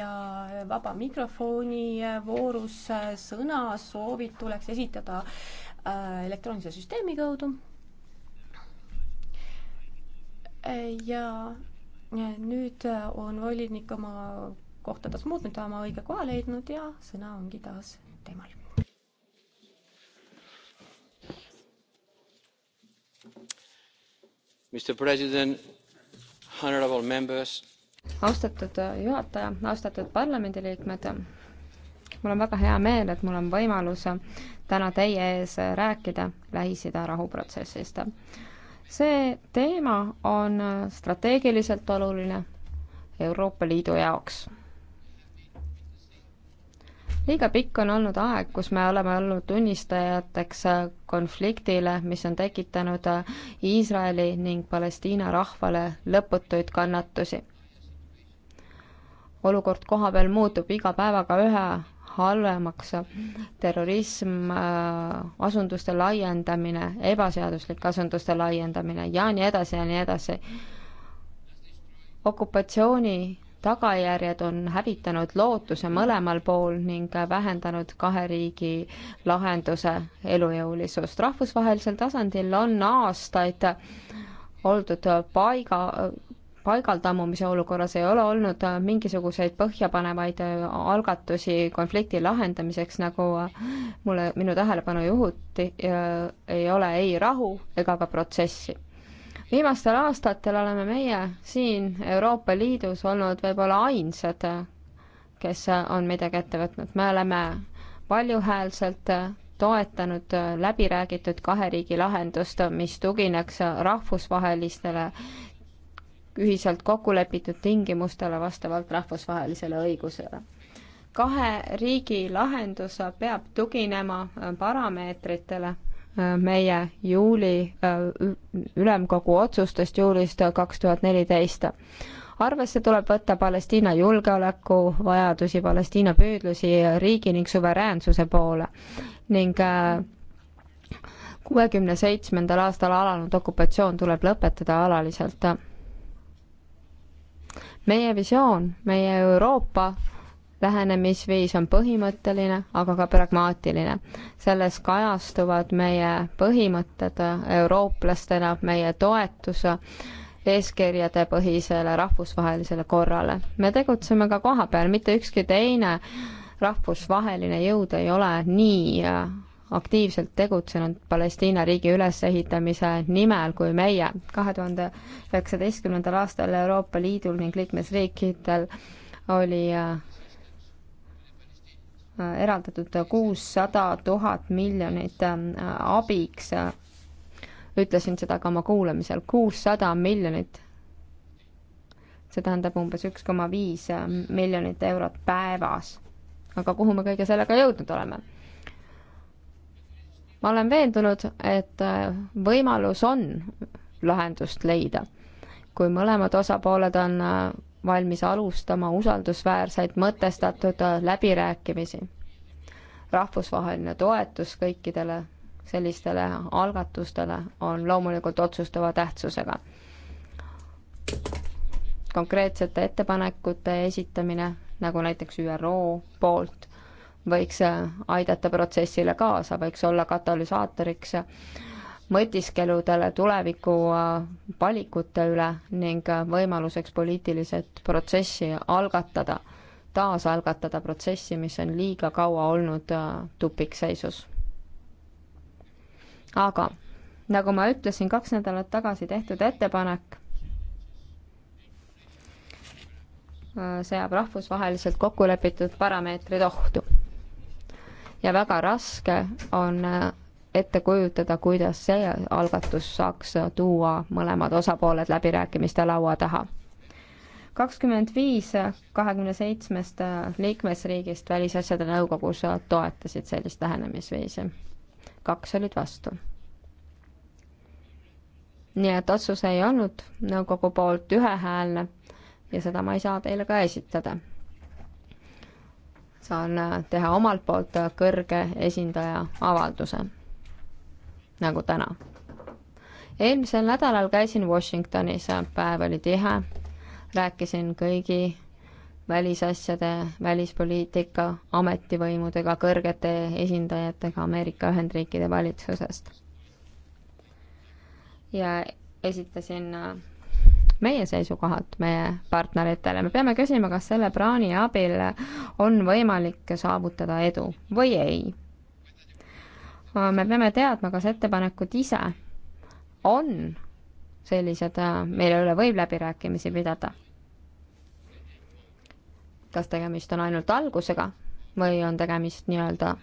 ja vaba mikrofoni voorus sõnasoovid tuleks esitada äh, elektroonilise süsteemi kaudu. ja nüüd on volinik oma kohtades muutnud, ta oma õige koha leidnud ja sõna ongi taas temal. Mr President, honorable members austatud juhataja, austatud parlamendiliikmed, mul on väga hea meel, et mul on võimalus täna teie ees rääkida Lähis-Ida rahuprotsessist. see teema on strateegiliselt oluline Euroopa Liidu jaoks. liiga pikk on olnud aeg, kus me oleme olnud tunnistajateks konfliktile, mis on tekitanud Iisraeli ning Palestiina rahvale lõputuid kannatusi olukord kohapeal muutub iga päevaga üha halvemaks. terrorism, äh, asunduste laiendamine, ebaseaduslik asunduste laiendamine ja nii edasi ja nii edasi. okupatsiooni tagajärjed on hävitanud lootuse mõlemal pool ning vähendanud kahe riigi lahenduse elujõulisust. rahvusvahelisel tasandil on aastaid oldud paiga, paigal tammumise olukorras ei ole olnud äh, mingisuguseid põhjapanevaid äh, algatusi konflikti lahendamiseks, nagu äh, mulle, minu tähelepanu juhuti, ei ole ei rahu ega ka protsessi. viimastel aastatel oleme meie siin Euroopa Liidus olnud võib-olla ainsad, kes on midagi ette võtnud, me oleme valjuhäälselt toetanud läbiräägitud kahe riigi lahendust, mis tugineks rahvusvahelistele ühiselt kokku lepitud tingimustele vastavalt rahvusvahelisele õigusele. kahe riigi lahendus peab tuginema parameetritele meie juuli ülemkogu otsustest juulist kaks tuhat neliteist arvesse tuleb võtta Palestiina julgeolekuvajadusi, Palestiina püüdlusi riigi ning suveräänsuse poole ning äh, kuuekümne seitsmendal aastal alanud okupatsioon tuleb lõpetada alaliselt meie visioon, meie Euroopa lähenemisviis on põhimõtteline, aga ka pragmaatiline. selles kajastuvad meie põhimõtted eurooplastena, meie toetus eeskirjade põhisele rahvusvahelisele korrale. me tegutseme ka kohapeal, mitte ükski teine rahvusvaheline jõud ei ole nii aktiivselt tegutsenud Palestiina riigi ülesehitamise nimel kui meie. kahe tuhande üheksateistkümnendal aastal Euroopa Liidul ning liikmesriikidel oli äh, eraldatud kuussada tuhat miljonit äh, abiks, ütlesin seda ka oma kuulamisel, kuussada miljonit. see tähendab umbes üks koma viis miljonit eurot päevas. aga kuhu me kõige sellega jõudnud oleme? ma olen veendunud, et äh, võimalus on lahendust leida, kui mõlemad osapooled on äh, valmis alustama usaldusväärseid mõtestatud äh, läbirääkimisi. rahvusvaheline toetus kõikidele sellistele algatustele on loomulikult otsustava tähtsusega. konkreetsete ettepanekute esitamine, nagu näiteks ÜRO poolt, võiks äh, aidata protsessile kaasa, võiks olla katalüsaatoriks äh, mõtiskeludele tuleviku äh, valikute üle ning võimaluseks poliitiliselt protsessi algatada, taasalgatada protsessi, mis on liiga kaua olnud tupikseisus. aga nagu ma ütlesin, kaks nädalat tagasi tehtud ettepanek seab rahvusvaheliselt kokku lepitud parameetrid ohtu ja väga raske on äh, ette kujutada, kuidas see algatus saaks äh, tuua mõlemad osapooled läbirääkimiste laua taha. kakskümmend viis äh, kahekümne seitsmest liikmesriigist Välisasjade Nõukogus toetasid sellist lähenemisviisi. kaks olid vastu. nii et otsus ei olnud nõukogu poolt ühehäälne ja seda ma ei saa teile ka esitada saan äh, teha omalt poolt äh, kõrge esindaja avalduse, nagu täna. eelmisel nädalal käisin Washingtonis, äh, päev oli tihe, rääkisin kõigi välisasjade, välispoliitika, ametivõimudega, kõrgete esindajatega Ameerika Ühendriikide valitsusest. ja esitasin meie seisukohad meie partneritele, me peame küsima, kas selle plaani abil on võimalik saavutada edu või ei. me peame teadma, kas ettepanekud ise on sellised, mille üle võib läbirääkimisi pidada. kas tegemist on ainult algusega või on tegemist nii-öelda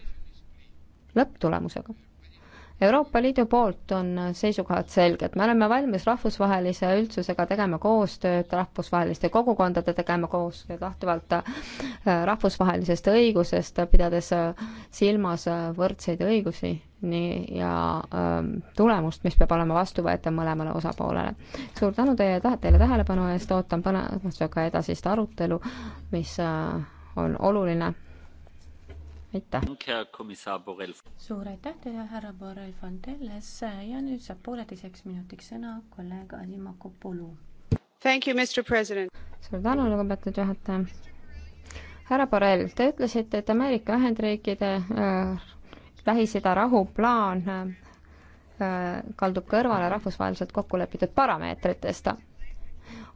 lõpptulemusega Euroopa Liidu poolt on seisukohad selged, me oleme valmis rahvusvahelise üldsusega tegema koostööd, rahvusvaheliste kogukondade tegema koostööd lähtuvalt äh, rahvusvahelisest õigusest, pidades äh, silmas äh, võrdseid õigusi nii ja ähm, tulemust, mis peab olema vastuvõetav mõlemale osapoolele. suur tänu teie, teile tähelepanu eest, ootan põnevusega edasist arutelu, mis äh, on oluline aitäh! suur aitäh teile, härra Borrell Fontelles ja nüüd saab pooleteiseks minutiks sõna kolleeg Adima Kopulu. suur tänu, lugupeetud juhataja. härra Borrell, te ütlesite, et Ameerika Ühendriikide äh, Lähis-Ida rahuplaan äh, äh kaldub kõrvale rahvusvaheliselt kokku lepitud parameetritest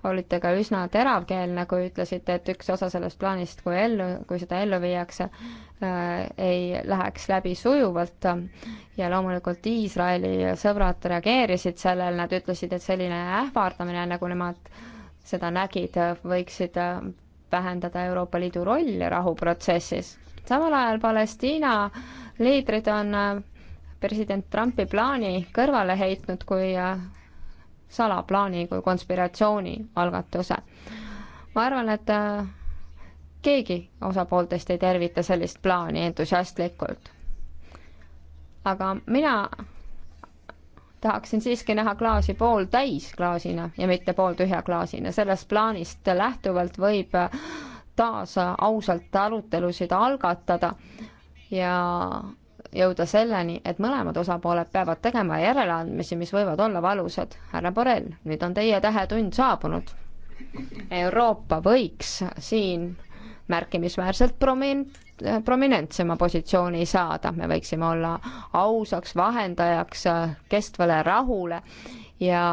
olite ka üsna teravkeelne, kui ütlesite, et üks osa sellest plaanist, kui ellu, kui seda ellu viiakse, äh, ei läheks läbi sujuvalt ja loomulikult Iisraeli sõbrad reageerisid sellele, nad ütlesid, et selline ähvardamine, nagu nemad seda nägid, võiksid äh, vähendada Euroopa Liidu rolli rahuprotsessis. samal ajal Palestiina liidrid on äh, president Trumpi plaani kõrvale heitnud, kui salaplaani kui konspiratsiooni algatuse. ma arvan, et äh, keegi osapooltest ei tervita sellist plaani entusiastlikult. aga mina tahaksin siiski näha klaasi pooltäis klaasina ja mitte pooltühja klaasina, sellest plaanist lähtuvalt võib äh, taas ausalt arutelusid algatada ja jõuda selleni, et mõlemad osapooled peavad tegema järeleandmisi, mis võivad olla valusad. härra Borrell, nüüd on teie tähetund saabunud. Euroopa võiks siin märkimisväärselt promin-, prominentsema positsiooni saada, me võiksime olla ausaks vahendajaks kestvale rahule ja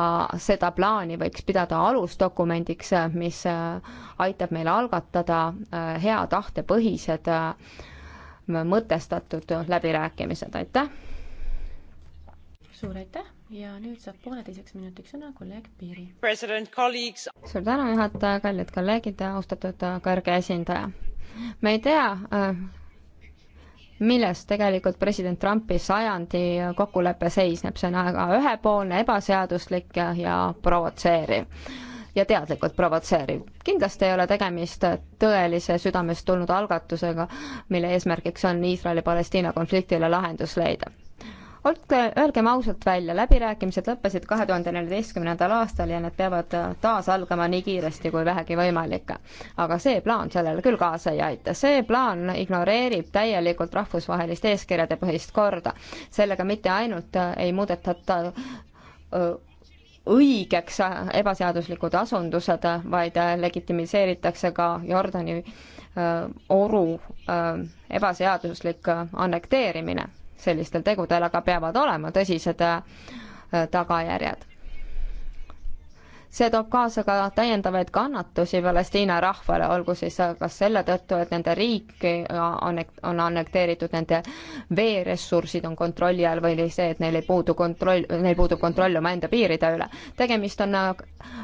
seda plaani võiks pidada alusdokumendiks, mis aitab meil algatada eh, hea tahte põhised eh, mõtestatud läbirääkimised, aitäh! suur aitäh ja nüüd saab pooleteiseks minutiks sõna kolleeg Piiri. suur tänu, juhataja, kallid kolleegid ja austatud äh, kõrge esindaja. me ei tea, äh, milles tegelikult president Trumpi sajandi kokkulepe seisneb, see on väga ühepoolne, ebaseaduslik ja, ja provotseeriv ja teadlikult provotseeriv. kindlasti ei ole tegemist tõelise südamest tulnud algatusega, mille eesmärgiks on Iisraeli-Palestiina konfliktile lahendus leida. olge, öelgem ausalt välja, läbirääkimised lõppesid kahe tuhande neljateistkümnendal aastal ja need peavad taas algama nii kiiresti kui vähegi võimalik. aga see plaan sellele küll kaasa ei aita, see plaan ignoreerib täielikult rahvusvahelist eeskirjade põhist korda. sellega mitte ainult ei muudeta õigeks ebaseaduslikud asundused, vaid legitimiseeritakse ka Jordani oru ebaseaduslik annekteerimine. sellistel tegudel aga peavad olema tõsised tagajärjed see toob kaasa ka täiendavaid kannatusi Palestiina rahvale, olgu siis kas selle tõttu, et nende riik on annekteeritud, nende veeressursid on kontrolli all või see, et neil ei puudu kontroll, neil puudub kontroll omaenda piiride üle. tegemist on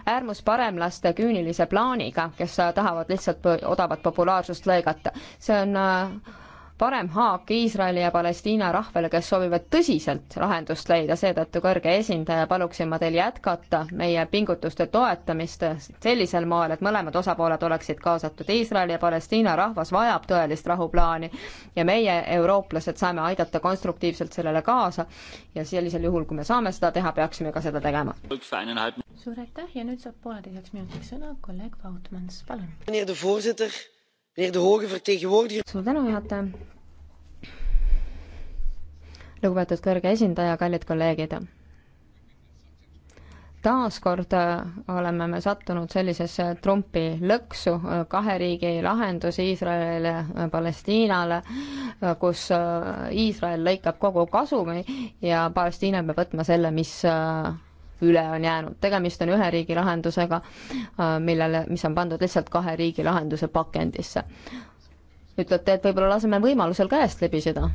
äärmusparemlaste küünilise plaaniga, kes tahavad lihtsalt odavat populaarsust lõigata. see on parem haak Iisraeli ja Palestiina rahvale, kes soovivad tõsiselt lahendust leida, seetõttu kõrge esindaja, paluksin ma teil jätkata meie pingutuste toetamist sellisel moel, et mõlemad osapooled oleksid kaasatud. Iisraeli ja Palestiina rahvas vajab tõelist rahuplaani ja meie, eurooplased, saame aidata konstruktiivselt sellele kaasa ja sellisel juhul, kui me saame seda teha, peaksime ka seda tegema. suur aitäh ja nüüd saab pooleteiseks minutiks sõna kolleeg Vautmans, palun suur tänu, juhataja. lugupeetud kõrge esindaja, kallid kolleegid. taaskord äh, oleme me sattunud sellisesse trumpi lõksu, äh, kahe riigi lahendus Iisraelile, äh, Palestiinale, kus Iisrael lõikab kogu kasumi ja Palestiina peab võtma selle, mis üle on jäänud. tegemist on ühe riigi lahendusega, äh, millele, mis on pandud lihtsalt kahe riigi lahenduse pakendisse. ütlete, et võib-olla laseme võimalusel käest libiseda?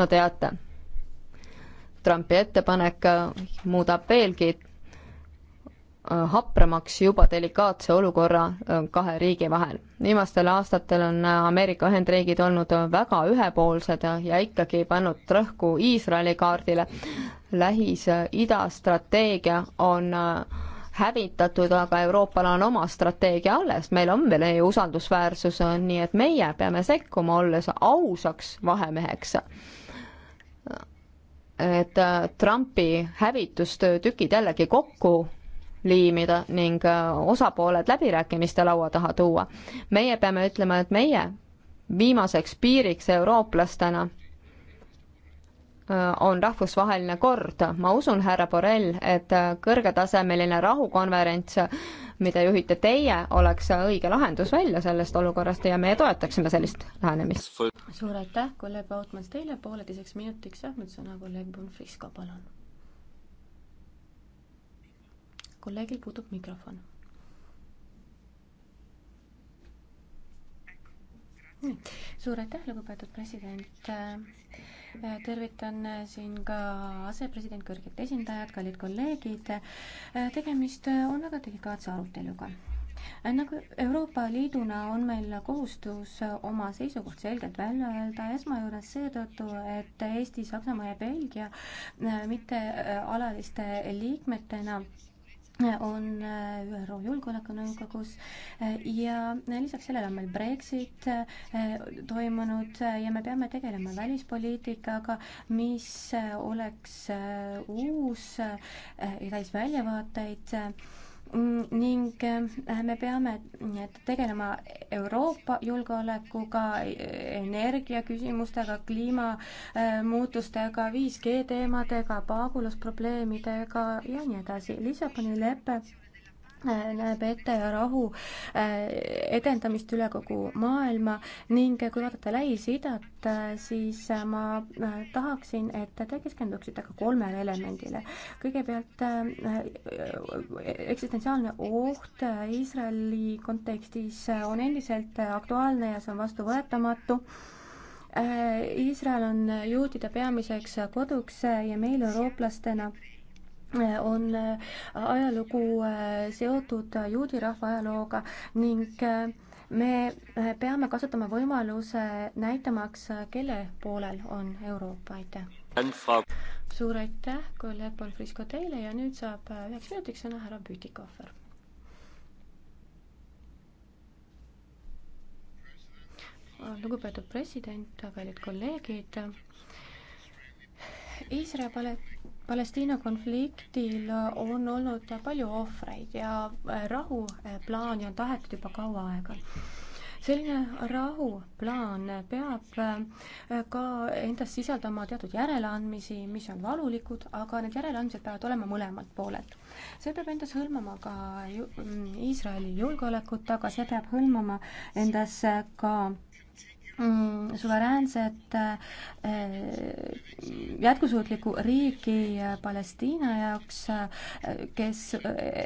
no teate Trumpi ettepanek äh, muudab veelgi Äh, hapramaks juba delikaatse olukorra äh, kahe riigi vahel. viimastel aastatel on äh, Ameerika Ühendriigid olnud väga ühepoolsed ja ikkagi pannud rõhku Iisraeli kaardile. Lähis-Ida strateegia on hävitatud, aga Euroopal on oma strateegia alles, meil on veel EU usaldusväärsus, nii et meie peame sekkuma, olles ausaks vahemeheks et Trumpi hävitustöö tükid jällegi kokku liimida ning äh, osapooled läbirääkimiste laua taha tuua. meie peame ütlema, et meie viimaseks piiriks eurooplastena äh, on rahvusvaheline kord. ma usun, härra Borrell, et äh, kõrgetasemeline rahukonverents, mida juhite teie, oleks õige lahendus välja sellest olukorrast ja meie toetaksime sellist lähenemist. suur aitäh, kolleeg Vautmans, teile pooleteiseks minutiks, jah, nüüd sõna kolleeg Bonfrisco, palun kolleegil puudub mikrofon. suur aitäh, lugupeetud president. tervitan siin ka asepresident, kõrget esindajat, kallid kolleegid. tegemist on väga delikaatse aruteluga nagu Euroopa Liiduna on meil kohustus oma seisukoht selgelt välja öelda, esmajuures seetõttu, et Eesti, Saksamaa ja Belgia mitte alaliste liikmetena on äh, ÜRO Julgeolekunõukogus äh, ja äh, lisaks sellele on meil Brexit toimunud ja me peame tegelema välispoliitikaga, mis oleks uus ja täis väljavaateid ning äh, me peame tegelema Euroopa julgeolekuga, energiaküsimustega, kliimamuutustega, äh, 5G teemadega, paagulusprobleemidega ja nii edasi. Lissaboni lepe Äh, näeb ette rahu äh, edendamist üle kogu maailma ning kui vaadata Lähis-Idat, äh, siis ma tahaksin, et te keskenduksite ka kolmele elemendile. kõigepealt eksistentsiaalne oht Iisraeli kontekstis on endiselt aktuaalne ja see on vastuvõetamatu Iisrael on juutide peamiseks koduks ja meil eurooplastena on äh, ajalugu äh, seotud äh, juudi rahva ajalooga ning me peame kasutama võimaluse näitamaks, kelle poolel on Euroopa, aitäh. suur aitäh, kolleeg Bonfrisco teile ja nüüd saab üheks minutiks sõna härra Bütikofer. lugupeetud president, kallid kolleegid Iisraeli-Palestiina konfliktil on olnud palju ohvreid ja äh, rahuplaani on tahetud juba kaua aega. selline rahuplaan peab äh, ka endas sisaldama teatud järeleandmisi, mis on valulikud, aga need järeleandmised peavad olema mõlemalt poolelt. see peab endas hõlmama ka mm, Iisraeli julgeolekut, aga see peab hõlmama endas ka Mm, suveräänset eh, jätkusuutlikku riiki eh, Palestiina jaoks, eh, kes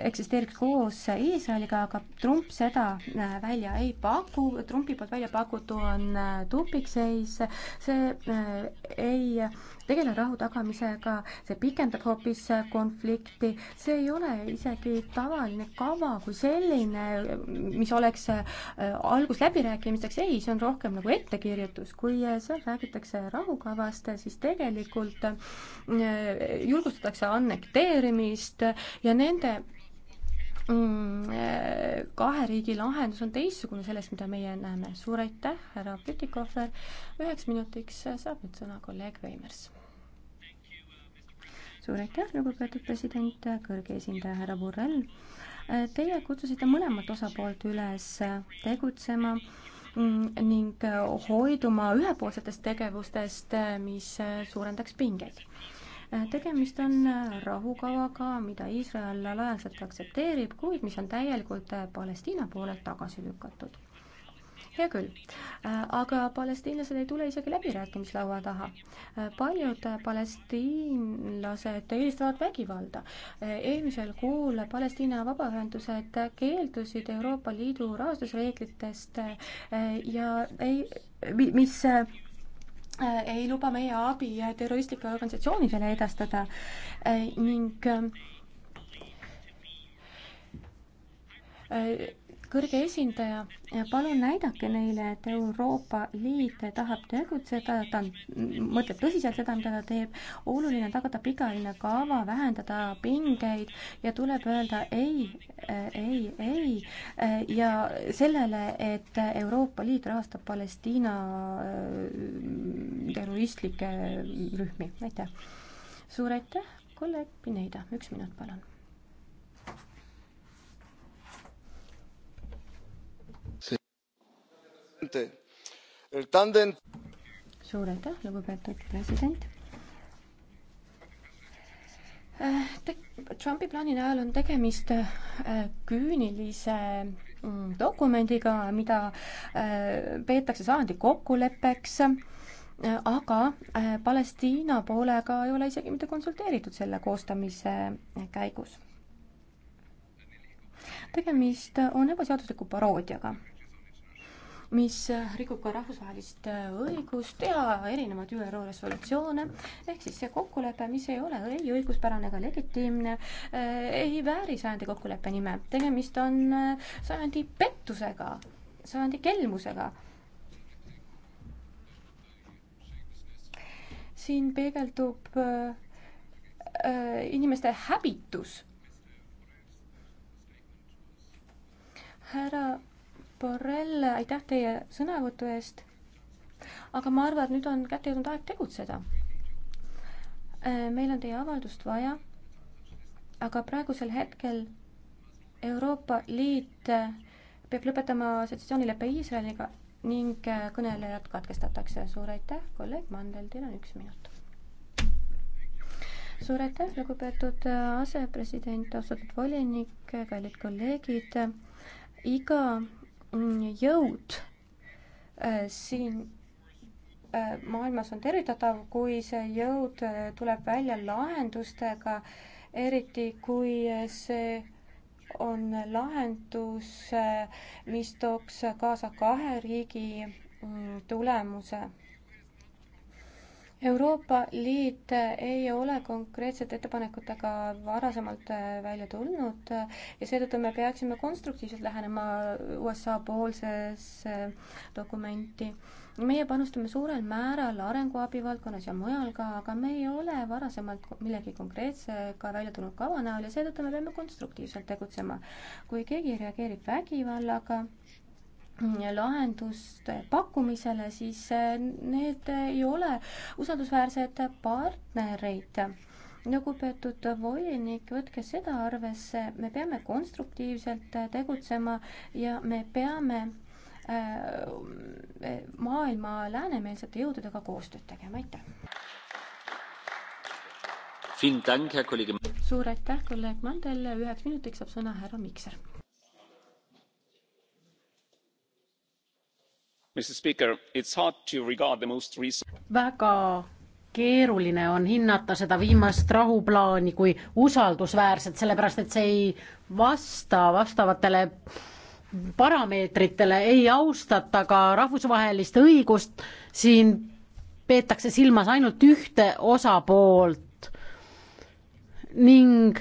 eksisteeriks koos Iisraeliga, aga Trump seda välja ei paku, Trumpi poolt välja pakutu on tupikseis, see ei tegele rahu tagamisega, see pikendab hoopis konflikti, see ei ole isegi tavaline kava kui selline, mis oleks äh, algus läbirääkimisteks, ei, see on rohkem nagu ettekirjutus, kui äh, seal räägitakse rahukavast, siis tegelikult äh, julgustatakse annekteerimist ja nende mm, kahe riigi lahendus on teistsugune sellest, mida meie näeme. suur aitäh, härra Pütikofer. üheks minutiks saab nüüd sõna kolleeg Veimers suur aitäh, lugupeetud president, kõrge esindaja härra Borrell. Teie kutsusite mõlemat osapoolt üles tegutsema ning hoiduma ühepoolsetest tegevustest, mis suurendaks pingeid. tegemist on rahukavaga, mida Iisrael alaliselt aktsepteerib, kuid mis on täielikult Palestiina poolelt tagasi lükatud. hea küll aga palestiinlased ei tule isegi läbirääkimislaua taha. paljud palestiinlased eelistavad vägivalda. eelmisel kuul Palestiina vabaühendused keeldusid Euroopa Liidu rahastusreeglitest eh, ja ei, mis eh, ei luba meie abi terroristlikele organisatsioonidele edastada eh, ning kõrge esindaja, palun näidake neile, et Euroopa Liit tahab tegutseda, ta mõtleb tõsiselt seda, mida ta teeb, oluline on tagada pikaajaline kava, vähendada pingeid ja tuleb öelda ei, ei, ei ja sellele, et Euroopa Liit rahastab Palestiina äh, terroristlikke rühmi, aitäh. suur aitäh, kolleeg Pineida, üks minut, palun suur aitäh, lugupeetud president. Äh, Trumpi plaani näol on tegemist äh, küünilise mm, dokumendiga, mida äh, peetakse sajandi kokkuleppeks, aga Palestiina poolega ei ole isegi mitte konsulteeritud selle koostamise käigus. tegemist on ebaseadusliku paroodiaga mis rikub ka rahvusvahelist äh, õigust ja erinevaid ÜRO resolutsioone, ehk siis see kokkulepe, mis ei ole ei õiguspärane ega legitiimne, äh, ei vääri sajandi kokkuleppe nime. tegemist on äh, sajandi pettusega, sajandi kelmusega. siin peegeldub inimeste häbitus. härra Borrell, aitäh teie sõnavõtu eest. aga ma arvan, et nüüd on kätte jõudnud aeg tegutseda. Äh, meil on teie avaldust vaja. aga praegusel hetkel Euroopa Liit äh, peab lõpetama assotsiatsioonileppe Iisraeliga ning äh, kõnelejad katkestatakse. suur aitäh, kolleeg Mandel, teil on üks minut. suur aitäh, lugupeetud asepresident, austatud volinik, kallid kolleegid. iga jõud äh, siin äh, maailmas on tervitatav, kui see jõud äh, tuleb välja lahendustega, eriti kui see on lahendus, mis tooks kaasa kahe riigi mm, tulemuse Euroopa Liit ei ole konkreetsete ettepanekutega varasemalt äh, välja tulnud äh, ja seetõttu me peaksime konstruktiivselt lähenema USA poolses äh, dokumenti. meie panustame suurel määral arenguabi valdkonnas ja mujal ka, aga me ei ole varasemalt millegi konkreetsega välja tulnud kava näol ja seetõttu me peame konstruktiivselt tegutsema. kui keegi reageerib vägivallaga, lahenduste pakkumisele, siis äh, need ei ole usaldusväärsed partnereid. lugupeetud volinik, võtke seda arvesse, me peame konstruktiivselt äh, tegutsema ja me peame äh, maailma läänemeelsete jõududega koostööd tegema, aitäh! suur aitäh, kolleeg Mandel, üheks minutiks saab sõna härra Mikser väga keeruline on hinnata seda viimast rahuplaani kui usaldusväärset, sellepärast et see ei vasta vastavatele parameetritele, ei austata ka rahvusvahelist õigust, siin peetakse silmas ainult ühte osapoolt ning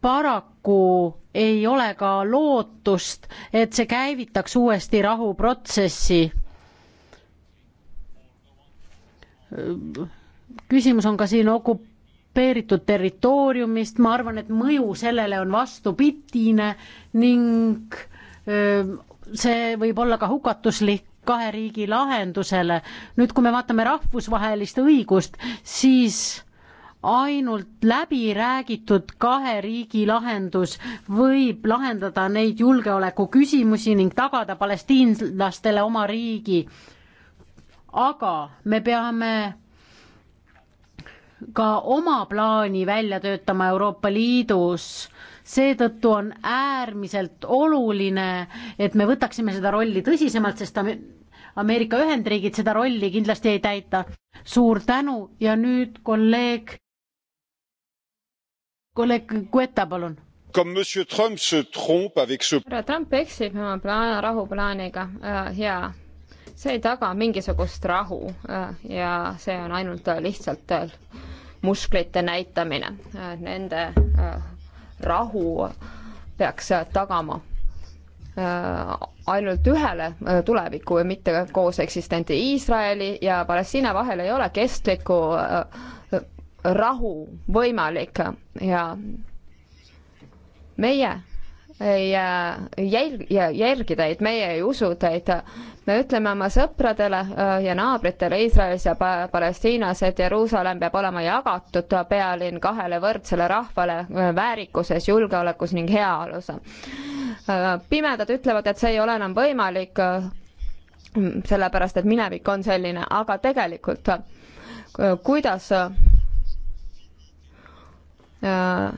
paraku ei ole ka lootust, et see käivitaks uuesti rahuprotsessi. küsimus on ka siin okupeeritud territooriumist, ma arvan, et mõju sellele on vastupidine ning see võib olla ka hukatuslik kahe riigi lahendusele. nüüd, kui me vaatame rahvusvahelist õigust, siis ainult läbiräägitud kahe riigi lahendus võib lahendada neid julgeolekuküsimusi ning tagada palestiinlastele oma riigi. aga me peame ka oma plaani välja töötama Euroopa Liidus, seetõttu on äärmiselt oluline, et me võtaksime seda rolli tõsisemalt, sest Ameerika Ühendriigid seda rolli kindlasti ei täita. suur tänu ja nüüd kolleeg kolleeg Guetta, palun. härra Trump eksib oma plaan, rahuplaaniga äh, ja see ei taga mingisugust rahu äh, ja see on ainult äh, lihtsalt musklite näitamine. Nende rahu peaks tagama ainult ühele tuleviku ja mitte koos eksistenti. Iisraeli ja Palestiina vahel ei ole kestlikku rahu võimalik ja meie ei äh, jälg-, jälgi teid, meie ei usu teid. me ütleme oma sõpradele äh, ja naabritele Iisraelis ja Palestiinas, et Jeruusalemm peab olema jagatud pealinn kahele võrdsele rahvale äh, väärikuses, julgeolekus ning heaolus. pimedad ütlevad, et see ei ole enam võimalik, sellepärast et minevik on selline, aga tegelikult kuidas Äh,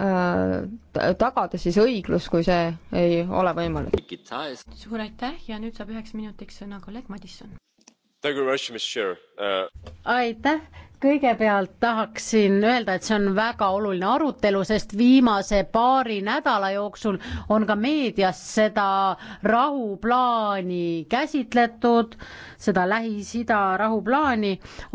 äh, tagada siis õiglus, kui see ei ole võimalik. suur aitäh ja nüüd saab üheks minutiks sõna kolleeg Madisson. Äh, aitäh kõigepealt tahaksin öelda, et see on väga oluline arutelu, sest viimase paari nädala jooksul on ka meedias seda rahuplaani käsitletud, seda Lähis-Ida rahuplaani.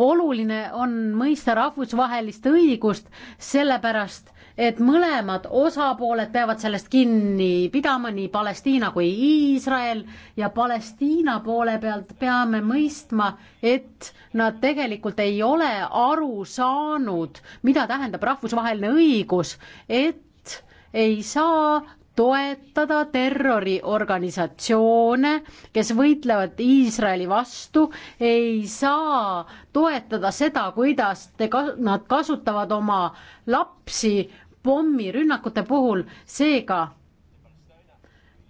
oluline on mõista rahvusvahelist õigust, sellepärast et mõlemad osapooled peavad sellest kinni pidama, nii Palestiina kui Iisrael ja Palestiina poole pealt peame mõistma, et nad tegelikult ei ole aru saanud, mida tähendab rahvusvaheline õigus, et ei saa toetada terroriorganisatsioone, kes võitlevad Iisraeli vastu, ei saa toetada seda, kuidas te, nad kasutavad oma lapsi pommirünnakute puhul, seega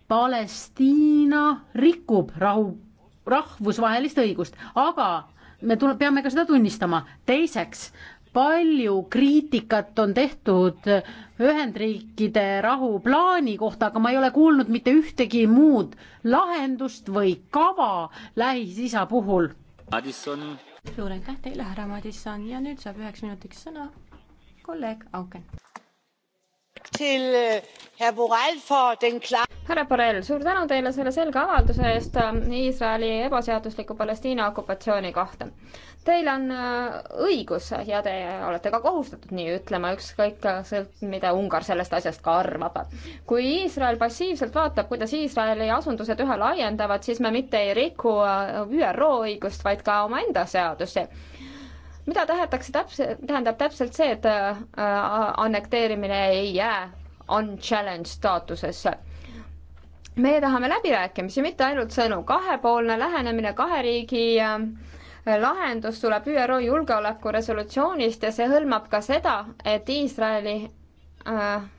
Palestiina rikub rahu, rahvusvahelist õigust, aga me tule, peame ka seda tunnistama. teiseks, palju kriitikat on tehtud Ühendriikide rahuplaani kohta, aga ma ei ole kuulnud mitte ühtegi muud lahendust või kava Lähis-Isa puhul. suur aitäh teile, härra Madisson ja nüüd saab üheks minutiks sõna kolleeg Auken Øh, härra Borrell, suur tänu teile selle selge avalduse eest ähm, Iisraeli ebaseadusliku Palestiina okupatsiooni kohta. Teil on äh, õigus ja te olete ka kohustatud nii ütlema, ükskõik äh, mida Ungar sellest asjast ka arvab. kui Iisrael passiivselt vaatab, kuidas Iisraeli asundused üha laiendavad, siis me mitte ei riku äh, ÜRO õigust, vaid ka omaenda seadusi mida tahetakse täpselt, tähendab täpselt see, et äh, annekteerimine ei jää unchallenged staatusesse meie tahame läbirääkimisi, mitte ainult sõnu, kahepoolne lähenemine kahe riigi äh, lahendus tuleb ÜRO julgeolekuresolutsioonist ja see hõlmab ka seda, et Iisraeli äh,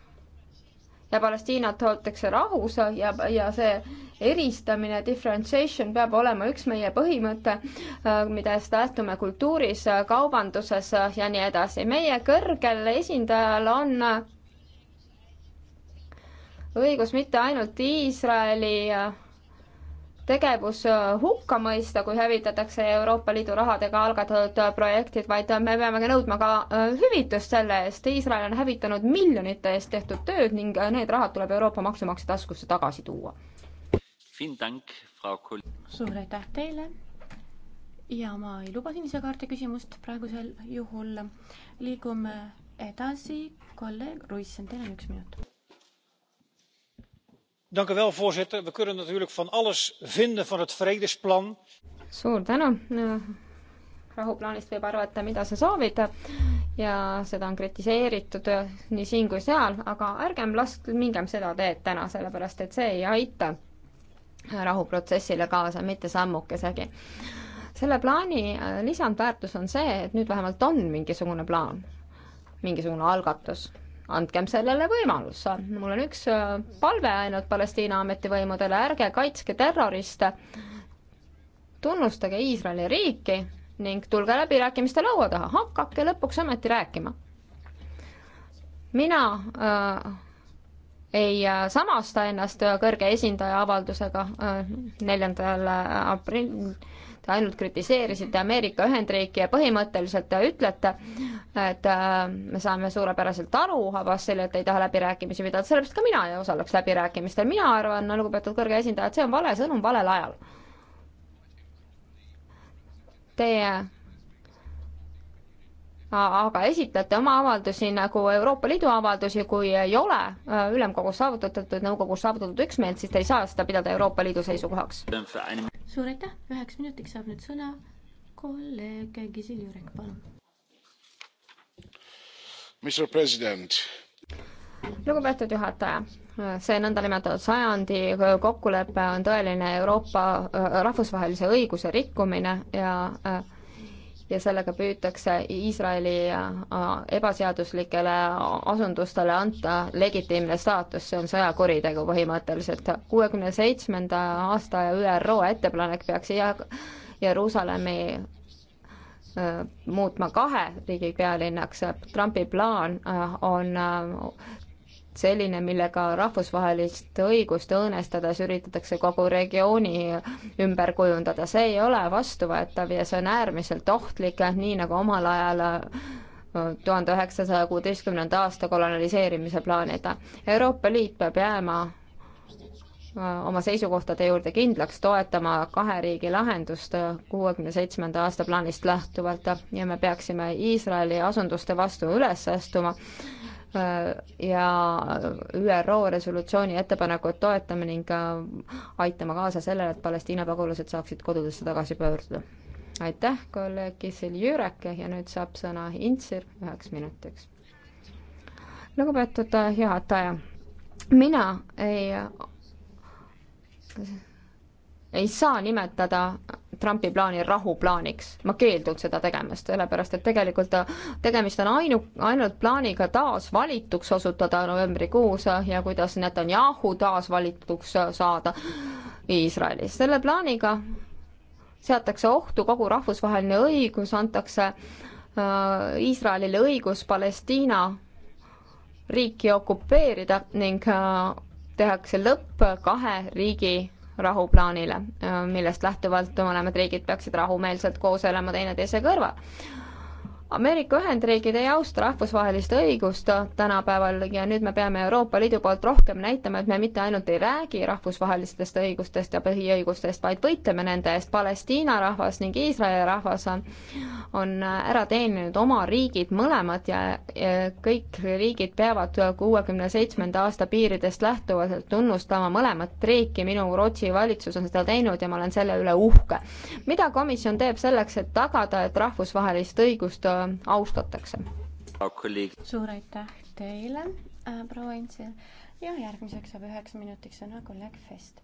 ja Palestiinat hoitakse rahus ja, ja see eristamine, differentiation peab olema üks meie põhimõte, äh, millest lähtume kultuuris, kaubanduses ja nii edasi. meie kõrgel esindajal on õigus mitte ainult Iisraeli äh, tegevus äh, hukka mõista, kui hävitatakse Euroopa Liidu rahadega algatatud projektid, vaid me peame ka nõudma ka hüvitust selle eest. Iisrael on hävitanud miljonite eest tehtud tööd ning need rahad tuleb Euroopa maksumaksja taskusse tagasi tuua suur aitäh teile ja ma ei luba sinise kaarte küsimust praegusel juhul. liigume edasi, kolleeg Ruissen, teil on üks minut. Dank u wel, voorzitter. We kunnen natuurlijk van alles vinden van het vredesplan. Suur tänu. rahuplaanist võib arvata, mida sa soovid ja seda on kritiseeritud nii siin kui seal, aga ärgem las-, mingem seda teed täna, sellepärast et see ei aita rahuprotsessile kaasa mitte sammukesegi. selle plaani äh, lisandväärtus on see, et nüüd vähemalt on mingisugune plaan, mingisugune algatus. andkem sellele võimalus. mul on üks äh, palve ainult Palestiina ametivõimudele, ärge kaitske terroriste, tunnustage Iisraeli riiki ning tulge läbirääkimiste laua taha, hakake lõpuks ometi rääkima. mina äh, ei äh, samasta ennast äh, kõrge esindaja avaldusega äh, neljandal aprillil. Te ainult kritiseerisite Ameerika Ühendriiki ja põhimõtteliselt te ütlete, et me saame suurepäraselt aru Abbasile, et ei taha läbirääkimisi pidada, sellepärast ka mina ei osaleks läbirääkimistel. mina arvan, lugupeetud kõrge esindaja, et see on vale sõnum valel ajal. Teie aga esitate oma avaldusi nagu Euroopa Liidu avaldusi, kui ei ole äh, ülemkogus saavutatud, nõukogus saavutatud üksmeelt, siis te ei saa seda pidada Euroopa Liidu seisukohaks. suur aitäh, üheks minutiks saab nüüd sõna kolleeg Gisil Jurek, palun. Mr President lugupeetud juhataja, see nõndanimetatud sajandi kokkulepe on tõeline Euroopa äh, rahvusvahelise õiguse rikkumine ja äh, ja sellega püütakse Iisraeli äh, ebaseaduslikele asundustele anda legitiimne staatus, see on sõjakuritegu põhimõtteliselt. kuuekümne seitsmenda aasta ÜRO ettepanek peaks Jeruusalemmi äh, muutma kahe riigi pealinnaks. Trumpi plaan äh, on selline, millega rahvusvahelist õigust õõnestades üritatakse kogu regiooni ümber kujundada, see ei ole vastuvõetav ja see on äärmiselt ohtlik, nii nagu omal ajal äh, tuhande üheksasaja kuueteistkümnenda aasta koloniseerimise plaanid. Euroopa Liit peab jääma äh, oma seisukohtade juurde kindlaks, toetama kahe riigi lahendust kuuekümne seitsmenda aasta plaanist lähtuvalt ja me peaksime Iisraeli asunduste vastu üles astuma Äh, ja ÜRO resolutsiooni ettepanekut toetama ning aitama kaasa sellele, et Palestiina pagulased saaksid kodudesse tagasi pöörduda. aitäh, kolleeg Kissel Jürek ja nüüd saab sõna Intsir üheks minutiks. lugupeetud äh, juhataja, mina ei ei saa nimetada Trumpi plaani rahuplaaniks. ma keeldun seda tegemast, sellepärast et tegelikult tegemist on ainu, ainult plaaniga taas valituks osutada novembrikuus ja kuidas Netanyahu taas valituks saada Iisraelis. selle plaaniga seatakse ohtu kogu rahvusvaheline õigus, antakse äh, Iisraelile äh, õigus Palestiina riiki okupeerida ning äh, tehakse lõpp kahe riigi rahuplaanile, millest lähtuvalt mõlemad riigid peaksid rahumeelselt koos elama teineteise kõrval. Ameerika Ühendriigid ei austa rahvusvahelist õigust tänapäeval ja nüüd me peame Euroopa Liidu poolt rohkem näitama, et me mitte ainult ei räägi rahvusvahelistest õigustest ja põhiõigustest, vaid võitleme nende eest. Palestiina rahvas ning Iisraeli rahvas on, on ära teeninud oma riigid mõlemad ja, ja kõik riigid peavad kuuekümne seitsmenda aasta piiridest lähtuvalt tunnustama mõlemat riiki. minu Rootsi valitsus on seda teinud ja ma olen selle üle uhke. mida komisjon teeb selleks, et tagada, et rahvusvahelist õigust austatakse. suur aitäh teile, äh, proua Intsil ja järgmiseks saab üheks minutiks sõna kolleeg Fest.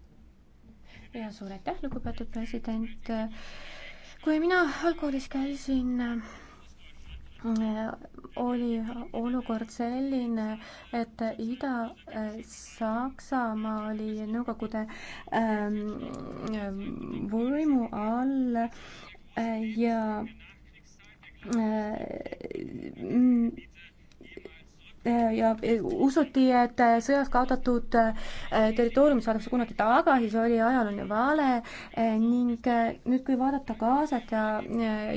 ja suur aitäh, lugupeetud president. kui mina algkoolis käisin äh, oli olukord selline, et Ida-Saksamaa oli Nõukogude ähm, äh, võimu all ja Äh, mm, ja äh, usuti, et äh, sõjas kaotatud territoorium saadakse kunagi tagasi, see oli ajalooline vale ning nüüd, kui vaadata Gazat ja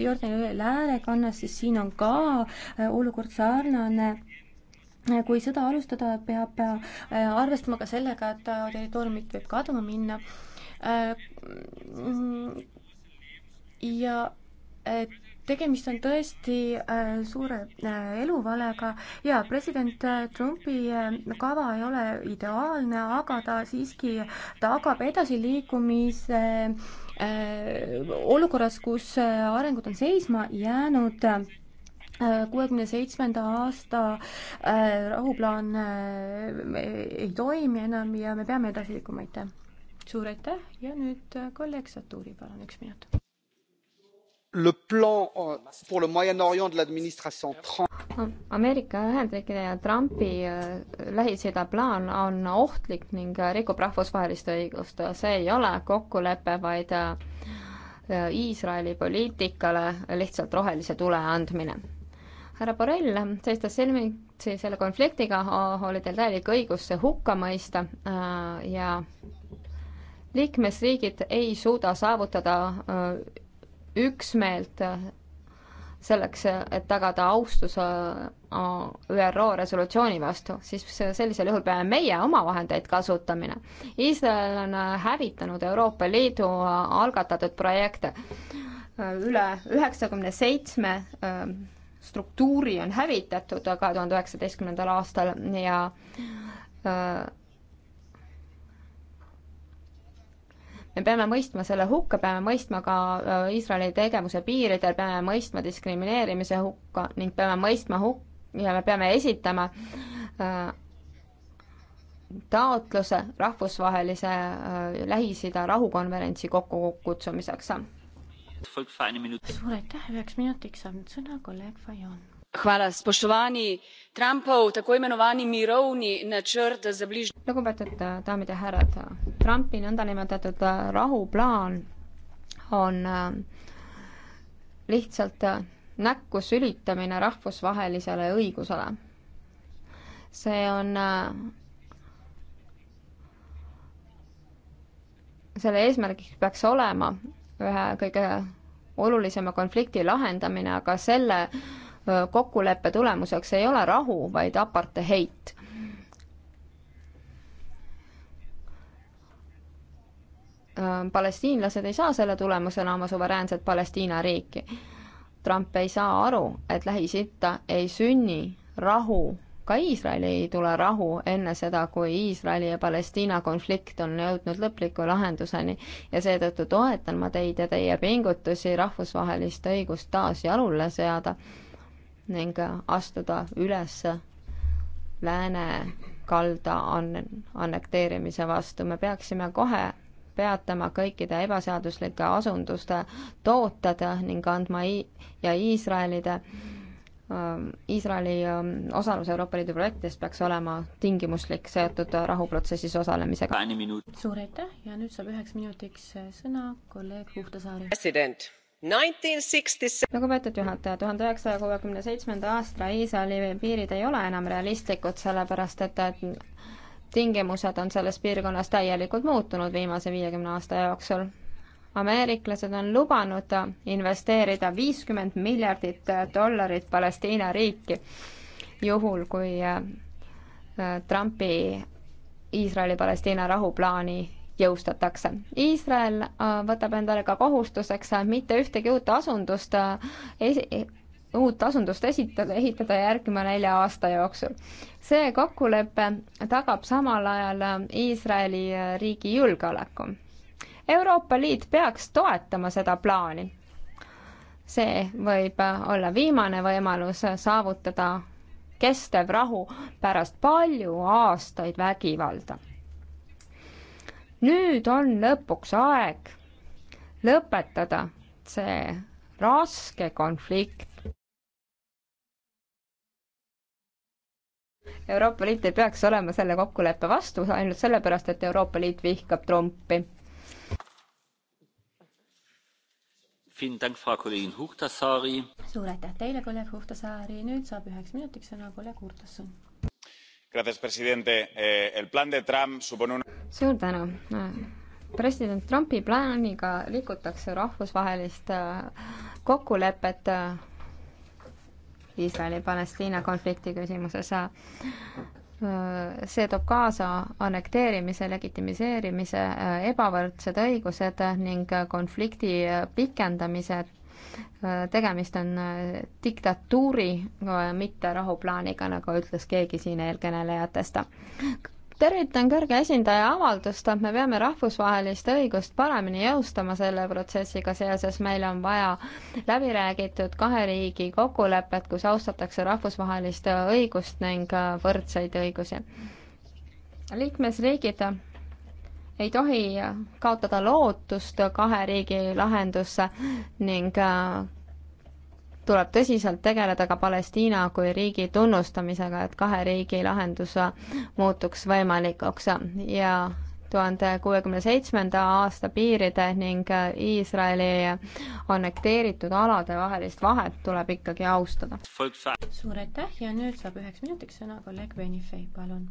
Jordani läärekannast, siis siin on ka olukord sarnane kui sõda alustada, peab arvestama ka sellega, et territooriumit võib kaduma minna. Mm, ja et tegemist on tõesti äh, suure äh, eluvalega ja president äh, Trumpi kava ei ole ideaalne, aga ta siiski tagab edasiliikumise olukorras, kus arengud on seisma jäänud kuuekümne seitsmenda aasta rahuplaan ei toimi enam ja me peame edasi liikuma, aitäh! suur aitäh ja nüüd kolleeg Saturi, palun, üks minut le plan euh, pour le Moyen-Orient de l'administration Trump. Ameerika Ühendriikide ja Trumpi äh, Lähis-Ida plaan on ohtlik ning äh, rikub rahvusvahelist õigust. see ei ole kokkulepe, vaid äh, Iisraeli poliitikale lihtsalt rohelise tule andmine. härra Borrell, seistes silmitsi selle konfliktiga, oli teil täielik õigus see hukka mõista ja liikmesriigid ei suuda saavutada üksmeelt äh, selleks, et tagada austus äh, ÜRO resolutsiooni vastu, siis sellisel juhul peame meie oma vahendeid kasutamine. Iisrael on äh, hävitanud Euroopa Liidu algatatud projekte. üle üheksakümne seitsme ähm, struktuuri on hävitatud kahe tuhande üheksateistkümnendal aastal ja me peame mõistma selle hukka, peame mõistma ka äh, Iisraeli tegevuse piiridel, peame mõistma diskrimineerimise hukka ning peame mõistma hukk- ja me peame esitama äh, taotluse rahvusvahelise äh, Lähis-Ida rahukonverentsi kokkukutsumiseks. suur aitäh, üheks minutiks saab nüüd sõna kolleeg Fajon spoštovani trumpov tako imenovani mirovni načrt za bližnji. lugupeetud eh, daamid ja härrad eh, trumpi nõndanimetatud eh, rahuplaan on lihtsalt näkku sülitamine rahvusvahelisele õigusele. see on selle eesmärgiks peaks olema ühe kõige olulisema konflikti lahendamine, aga selle äh, kokkuleppe tulemuseks ei ole rahu, vaid apartheid. palestiinlased ei saa selle tulemusena oma suveräänset Palestiina riiki. Trump ei saa aru, et Lähis-Itta ei sünni rahu, ka Iisraeli ei tule rahu enne seda, kui Iisraeli ja Palestiina konflikt on jõudnud lõpliku lahenduseni ja seetõttu toetan ma teid ja teie pingutusi rahvusvahelist õigust taas jalule seada ning astuda üles lääne kalda annekteerimise vastu. me peaksime kohe peatama kõikide ebaseaduslike asunduste tooted ning andma I ja Iisraelide ähm, Iisraeli ähm, osalus Euroopa Liidu projektides peaks olema tingimuslik seotud rahuprotsessis osalemisega. suur aitäh ja nüüd saab üheks minutiks sõna kolleeg Huhtasaari. president lugupeetud juhataja, tuhande üheksasaja kuuekümne seitsmenda aasta Iisraeli piirid ei ole enam realistlikud, sellepärast et tingimused on selles piirkonnas täielikult muutunud viimase viiekümne aasta jooksul. ameeriklased on lubanud investeerida viiskümmend miljardit dollarit Palestiina riiki, juhul kui äh, Trumpi Iisraeli-Palestiina rahuplaani jõustatakse. Iisrael äh, võtab endale ka kohustuseks äh, mitte ühtegi uut asundust äh, esi-, uut asundust esitada, ehitada järgima nelja aasta jooksul. see kokkulepe tagab samal ajal Iisraeli riigi julgeoleku. Euroopa Liit peaks toetama seda plaani. see võib olla viimane võimalus saavutada kestev rahu pärast palju aastaid vägivalda nüüd on lõpuks aeg lõpetada see raske konflikt. Euroopa Liit ei peaks olema selle kokkuleppe vastu ainult sellepärast, et Euroopa Liit vihkab Trumpi. suur aitäh teile, kolleeg Huhtasaari, nüüd saab üheks minutiks sõna kolleeg Urtasson Eh, suur tänu. president Trumpi plaaniga rikutakse rahvusvahelist äh, kokkulepet äh, Iisraeli-Palestiina konflikti küsimuses. Äh, see toob kaasa annekteerimise, legitimiseerimise, ebavõrdsed õigused ning konflikti pikendamise Äh, tegemist on äh, diktatuuriga, äh, mitte rahuplaaniga, nagu ütles keegi siin eelkõnelejatest tervitan kõrge esindaja avaldust, et me peame rahvusvahelist õigust paremini jõustama selle protsessiga seoses, meil on vaja läbi räägitud kahe riigi kokkulepet, kus austatakse rahvusvahelist õigust ning võrdseid õigusi. liikmesriigid ei tohi kaotada lootust kahe riigi lahendusse ning äh, tuleb tõsiselt tegeleda ka Palestiina kui riigi tunnustamisega, et kahe riigi lahendus muutuks võimalikuks ja tuhande kuuekümne seitsmenda aasta piiride ning äh, Iisraeli annekteeritud alade vahelist vahet tuleb ikkagi austada. suur aitäh ja nüüd saab üheks minutiks sõna kolleeg Benifei, palun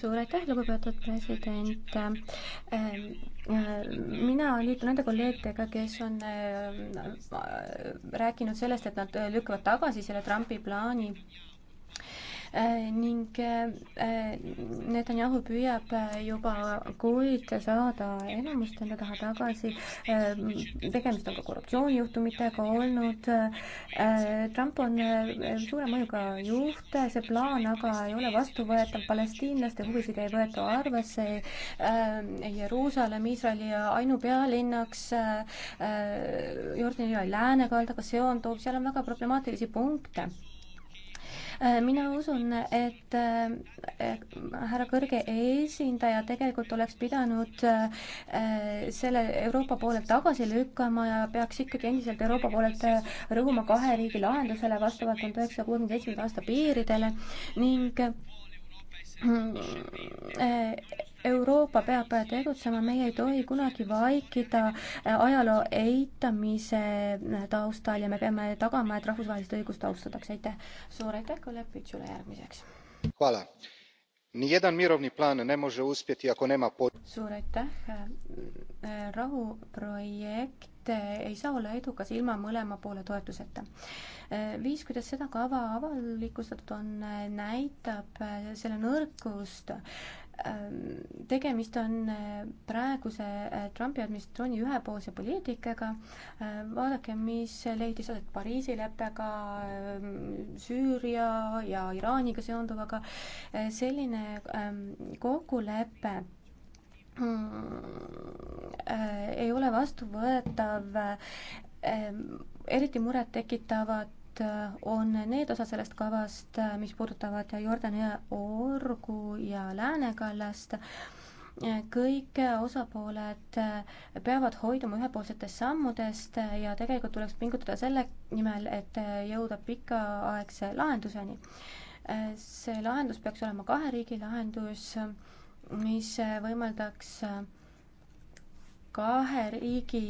suur aitäh, lugupeetud president. Ähm, äh, mina liitun nende kolleegidega, kes on ähm, äh, rääkinud sellest, et nad lükkavad tagasi selle Trumpi plaani Äh, ning äh, äh, Netanyahu püüab juba kuid saada enamust enda taha tagasi. tegemist on ka korruptsioonijuhtumitega olnud. Trump on suure mõjuga juht, see plaan aga ei ole vastuvõetav, palestiinlaste huvisid ei võeta arvesse. Jeruusalemm Iisraeli ainupealinnaks, Jordani jõe läänekallaga seonduv, seal on väga problemaatilisi punkte Äh, mina usun, et äh, eh, härra kõrge esindaja tegelikult oleks pidanud äh, selle Euroopa poolelt tagasi lükkama ja peaks ikkagi endiselt Euroopa poolelt rõhuma kahe riigi lahendusele vastavalt tuhande üheksasaja kuuekümne seitsmenda aasta piiridele ning Mm, eh, Euroopa peab tegutsema, meie ei tohi kunagi vaikida eh, ajaloo eitamise taustal ja me peame tagama, et rahvusvahelist õigust austatakse, aitäh. suur aitäh, kolleeg Pitsule järgmiseks. suur aitäh, eh, rahuprojekt liit äh, ei saa olla edukas ilma mõlema poole toetuseta. Äh, viis, kuidas seda kava avalikustatud on, äh, näitab selle nõrkust ähm, tegemist on praeguse Trumpi administratsiooni ühepoolse poliitikaga. vaadake, mis leidis aset Pariisi leppega, ähm, Süüria ja Iraaniga seonduvaga. selline ähm, kokkulepe Hmm, äh, ei ole vastuvõetav. Ähm, eriti murettekitavad äh, on need osad sellest kavast, äh, mis puudutavad Jordani orgu ja läänekallast kõik osapooled peavad hoiduma ühepoolsetest sammudest ja tegelikult tuleks pingutada selle nimel, et jõuda pikaaegse lahenduseni. see lahendus peaks olema kahe riigi lahendus mis võimaldaks kahe riigi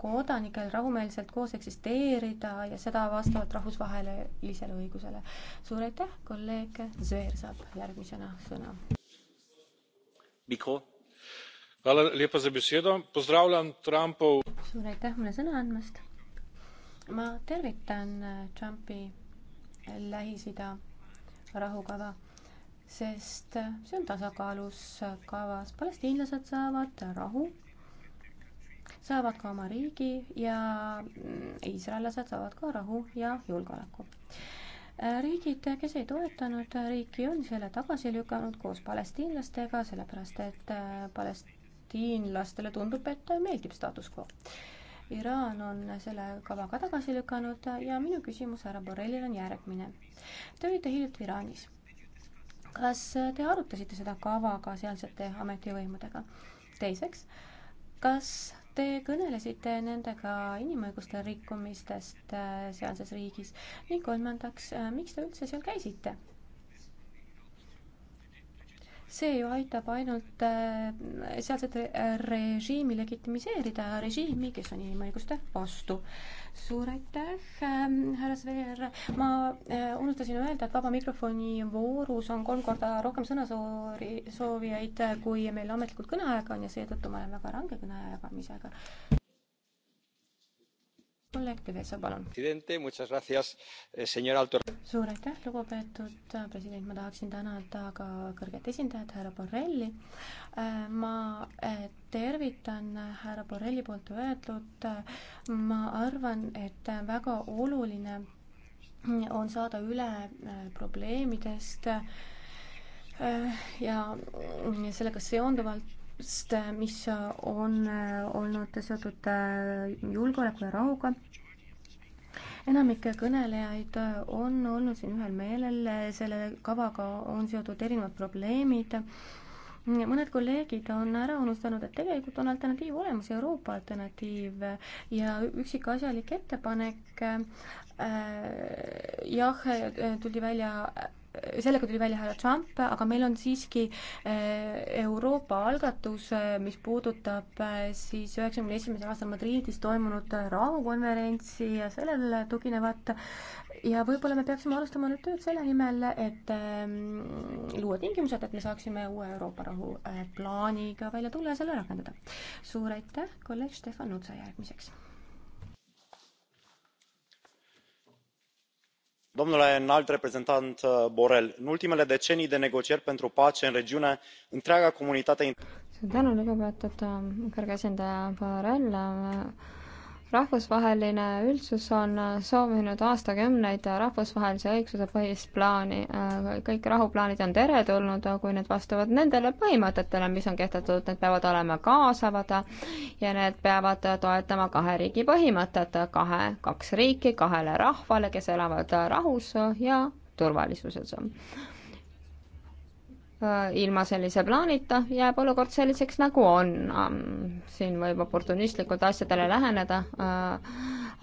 kodanikel rahumeelselt koos eksisteerida ja seda vastavalt rahvusvahelisele õigusele. suur aitäh, kolleeg Zver saab järgmisena sõna. suur aitäh mulle sõna andmast. ma tervitan Trumpi Lähis-Ida rahukava sest see on tasakaalus kavas. palestiinlased saavad rahu, saavad ka oma riigi ja iisraellased saavad ka rahu ja julgeoleku riigid, kes ei toetanud riiki, on selle tagasi lükanud koos palestiinlastega, sellepärast et palestiinlastele tundub, et meeldib status quo. Iraan on selle kava ka tagasi lükanud ja minu küsimus härra Borrellil on järgmine. Te olite hiljuti Iraanis kas te arutasite seda kava ka sealsete ametivõimudega? teiseks, kas te kõnelesite nendega inimõiguste rikkumistest äh, sealses riigis ning kolmandaks, äh, miks te üldse seal käisite? see ju aitab ainult äh, sealset režiimi legitimiseerida, režiimi, kes on inimõiguste vastu. suur aitäh, ähm, härra Sveer, ma äh, unustasin öelda, et vaba mikrofoni voorus on kolm korda rohkem sõnasoori, soovijaid, kui meil ametlikult kõneaega on ja seetõttu ma olen väga range kõneajaga, mis aega kolleeg Pevesa, palun. Eh, suur aitäh, lugupeetud äh, president, ma tahaksin tänada ka kõrget esindajat, härra Borrelli. Äh, ma äh, tervitan härra Borrelli poolt öeldud, ma arvan, et väga oluline on saada üle probleemidest ja sellega seonduvalt mis on äh, olnud seotud äh, julgeoleku ja rahuga. enamik kõnelejaid äh, on olnud siin ühel meelel, selle kavaga on seotud erinevad probleemid. mõned kolleegid on ära unustanud, et tegelikult on alternatiiv olemas, Euroopa alternatiiv ja üksikasjalik ettepanek äh,. jah, tuldi välja sellega tuli välja härra Trump, aga meil on siiski eh, Euroopa algatus, eh, mis puudutab eh, siis üheksakümne esimesel aastal Madridis toimunud rahukonverentsi ja sellele tuginevat ja võib-olla me peaksime alustama nüüd tööd selle nimel, et luua tingimused, et me saaksime uue Euroopa rahuplaaniga välja tulla ja selle rakendada. suur aitäh, kolleeg Stefan Utsa järgmiseks domnule președinte domnule înalt reprezentant uh, borrell în ultimele decenii de negocieri pentru pace în regiune întreaga comunitate. suur tänu lugupeetud kõrge esindaja borrell! rahvusvaheline üldsus on äh, soovinud aastakümneid äh, rahvusvahelise õigsuse põhist plaani. Äh, kõik rahuplaanid on teretulnud, kui need vastavad nendele põhimõtetele, mis on kehtestatud, need peavad olema kaasavad ja need peavad toetama kahe riigi põhimõtet, kahe, kaks riiki kahele rahvale, kes elavad rahus ja turvalisuses Äh, ilma sellise plaanita jääb olukord selliseks, nagu on. siin võib oportunistlikult asjadele läheneda, äh,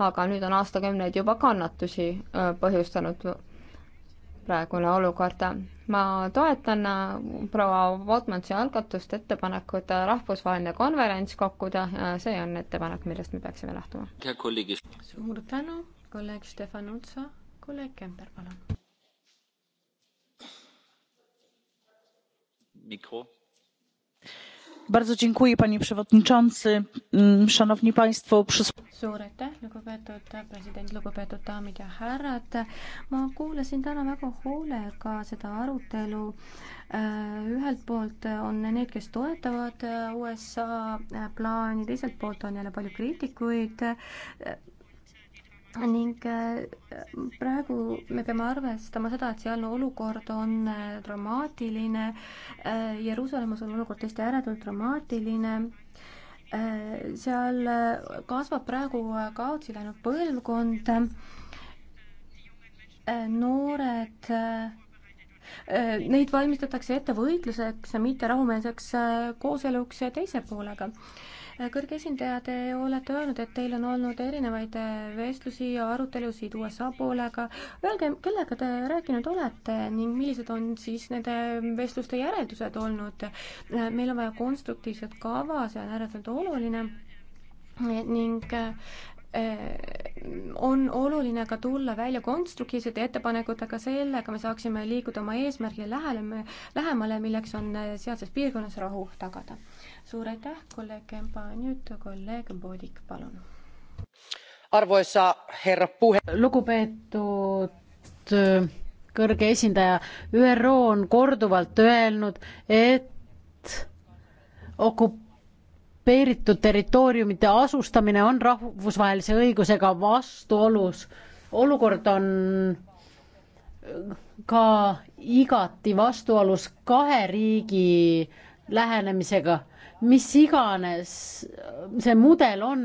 aga nüüd on aastakümneid juba kannatusi äh, põhjustanud praegune olukord. ma toetan proua Votmansi algatust, ettepanekut rahvusvaheline konverents kokkuda, see on ettepanek, millest me peaksime lähtuma. suur tänu, kolleeg Stefan Utsa, kolleeg Kemper, palun panie przewodniczący! Mm, szanowni państwo! suur aitäh lugupeetud president lugupeetud daamid ja härrad! ma kuulasin täna väga hoolega seda arutelu. Äh, ühelt poolt on need kes toetavad äh, usa äh, plaani teiselt poolt on jälle palju kriitikuid ning äh, praegu me peame arvestama seda, et sealne olukord on äh, dramaatiline, äh, Jeruusalemmas on olukord tõesti ääretult dramaatiline, seal kasvab praegu kaotsi läinud põlvkond, noored, neid valmistatakse ette võitluseks, mitte rahumeelseks kooseluks teise poolega kõrge esindaja, te olete öelnud, et teil on olnud erinevaid äh, vestlusi ja arutelusid USA poolega. Öelge, kellega te rääkinud olete ning millised on siis nende vestluste järeldused olnud? Äh, meil on vaja konstruktiivset kava, see on ääretult oluline äh, ning on oluline ka tulla välja konstruktiivsete ettepanekutega, sellega me saaksime liikuda oma eesmärgile lähele, lähemale, milleks on sealses piirkonnas rahu tagada suur aitäh, kolleeg Kempa, nüüd kolleeg Bodik, palun. arvoisa herra puhe-. lugupeetud äh, kõrge esindaja, ÜRO on korduvalt öelnud, et okupeeritud territooriumite asustamine on rahvusvahelise õigusega vastuolus. olukord on ka igati vastuolus kahe riigi lähenemisega mis iganes see mudel on,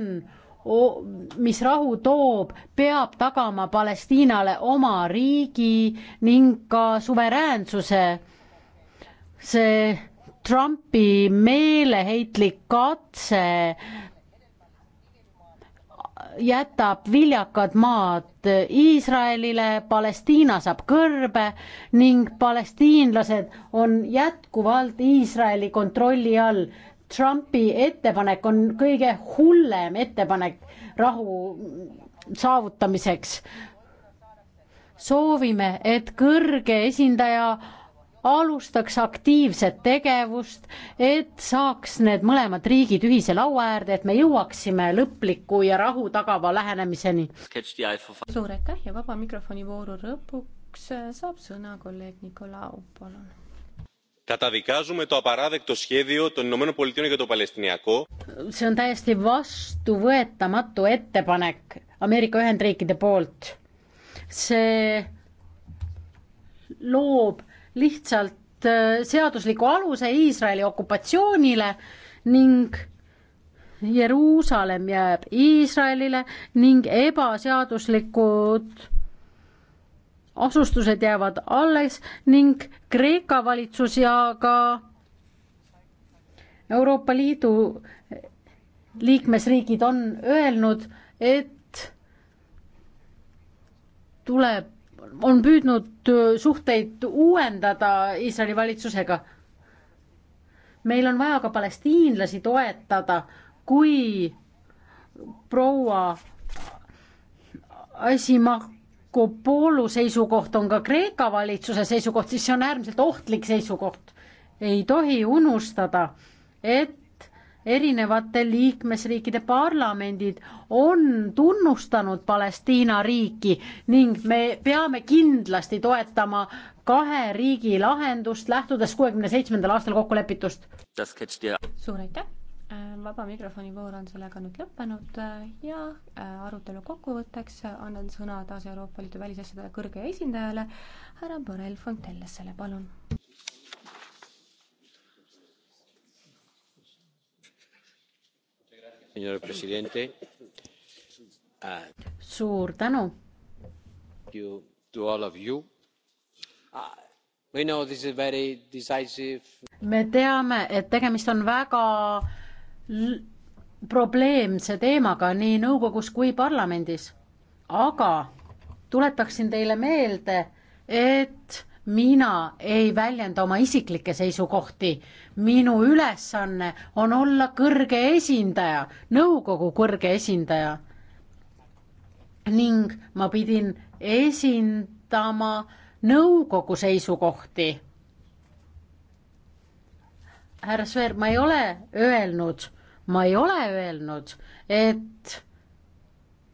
mis rahu toob, peab tagama Palestiinale oma riigi ning ka suveräänsuse. see Trumpi meeleheitlik katse jätab viljakad maad Iisraelile, Palestiina saab kõrbe ning palestiinlased on jätkuvalt Iisraeli kontrolli all. Trumpi ettepanek on kõige hullem ettepanek rahu saavutamiseks. soovime, et kõrge esindaja alustaks aktiivset tegevust, et saaks need mõlemad riigid ühise laua äärde, et me jõuaksime lõpliku ja rahu tagava lähenemiseni. suur aitäh ja vaba mikrofoni vooru lõpuks saab sõna kolleeg Nikolau, palun Καταδικάζουμε το απαράδεκτο σχέδιο των Ηνωμένων Πολιτειών για το Παλαιστινιακό. See on täiesti vastuvõetamatu ettepanek Ameerika Ühendriikide poolt. See loob lihtsalt äh, seadusliku aluse Iisraeli okupatsioonile ning Jeruusalemm jääb Iisraelile ning ebaseaduslikud asustused jäävad alles ning Kreeka valitsus ja ka Euroopa Liidu liikmesriigid on öelnud, et tuleb, on püüdnud suhteid uuendada Iisraeli valitsusega. meil on vaja ka palestiinlasi toetada, kui proua Asima Kopoolu seisukoht on ka Kreeka valitsuse seisukoht, siis see on äärmiselt ohtlik seisukoht. ei tohi unustada, et erinevate liikmesriikide parlamendid on tunnustanud Palestiina riiki ning me peame kindlasti toetama kahe riigi lahendust, lähtudes kuuekümne seitsmendal aastal kokkulepitust. suur aitäh! vaba mikrofoni voor on sellega nüüd lõppenud äh, ja äh, arutelu kokkuvõtteks annan sõna taas Euroopa Liidu välisasjade kõrge esindajale, härra Borrell Fontellesele, palun. suur tänu. To all of you uh, me teame, et tegemist on väga probleemse teemaga nii nõukogus kui parlamendis. aga tuletaksin teile meelde, et mina ei väljenda oma isiklikke seisukohti. minu ülesanne on olla kõrge esindaja, nõukogu kõrge esindaja. ning ma pidin esindama nõukogu seisukohti. härra Sveer, ma ei ole öelnud ma ei ole öelnud, et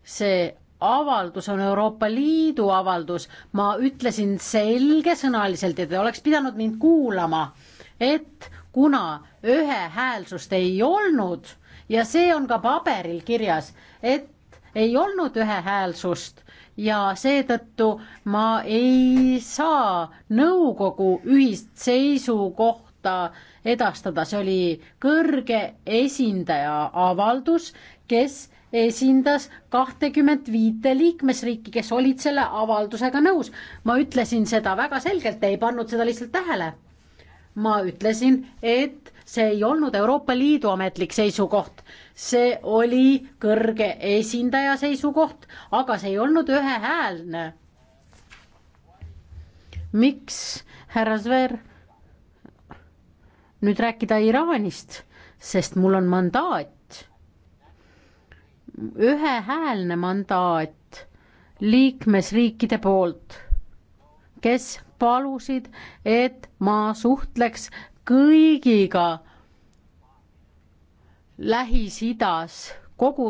see avaldus on Euroopa Liidu avaldus, ma ütlesin selgesõnaliselt ja te oleks pidanud mind kuulama, et kuna ühehäälsust ei olnud ja see on ka paberil kirjas, et ei olnud ühehäälsust ja seetõttu ma ei saa nõukogu ühist seisukohta kohta edastada, see oli kõrge esindaja avaldus, kes esindas kahtekümmet viite liikmesriiki, kes olid selle avaldusega nõus. ma ütlesin seda väga selgelt, ei pannud seda lihtsalt tähele. ma ütlesin, et see ei olnud Euroopa Liidu ametlik seisukoht, see oli kõrge esindaja seisukoht, aga see ei olnud ühehäälne. miks, härra Zver? nüüd rääkida Iraanist, sest mul on mandaat, ühehäälne mandaat liikmesriikide poolt, kes palusid, et ma suhtleks kõigiga Lähis-Idas, kogu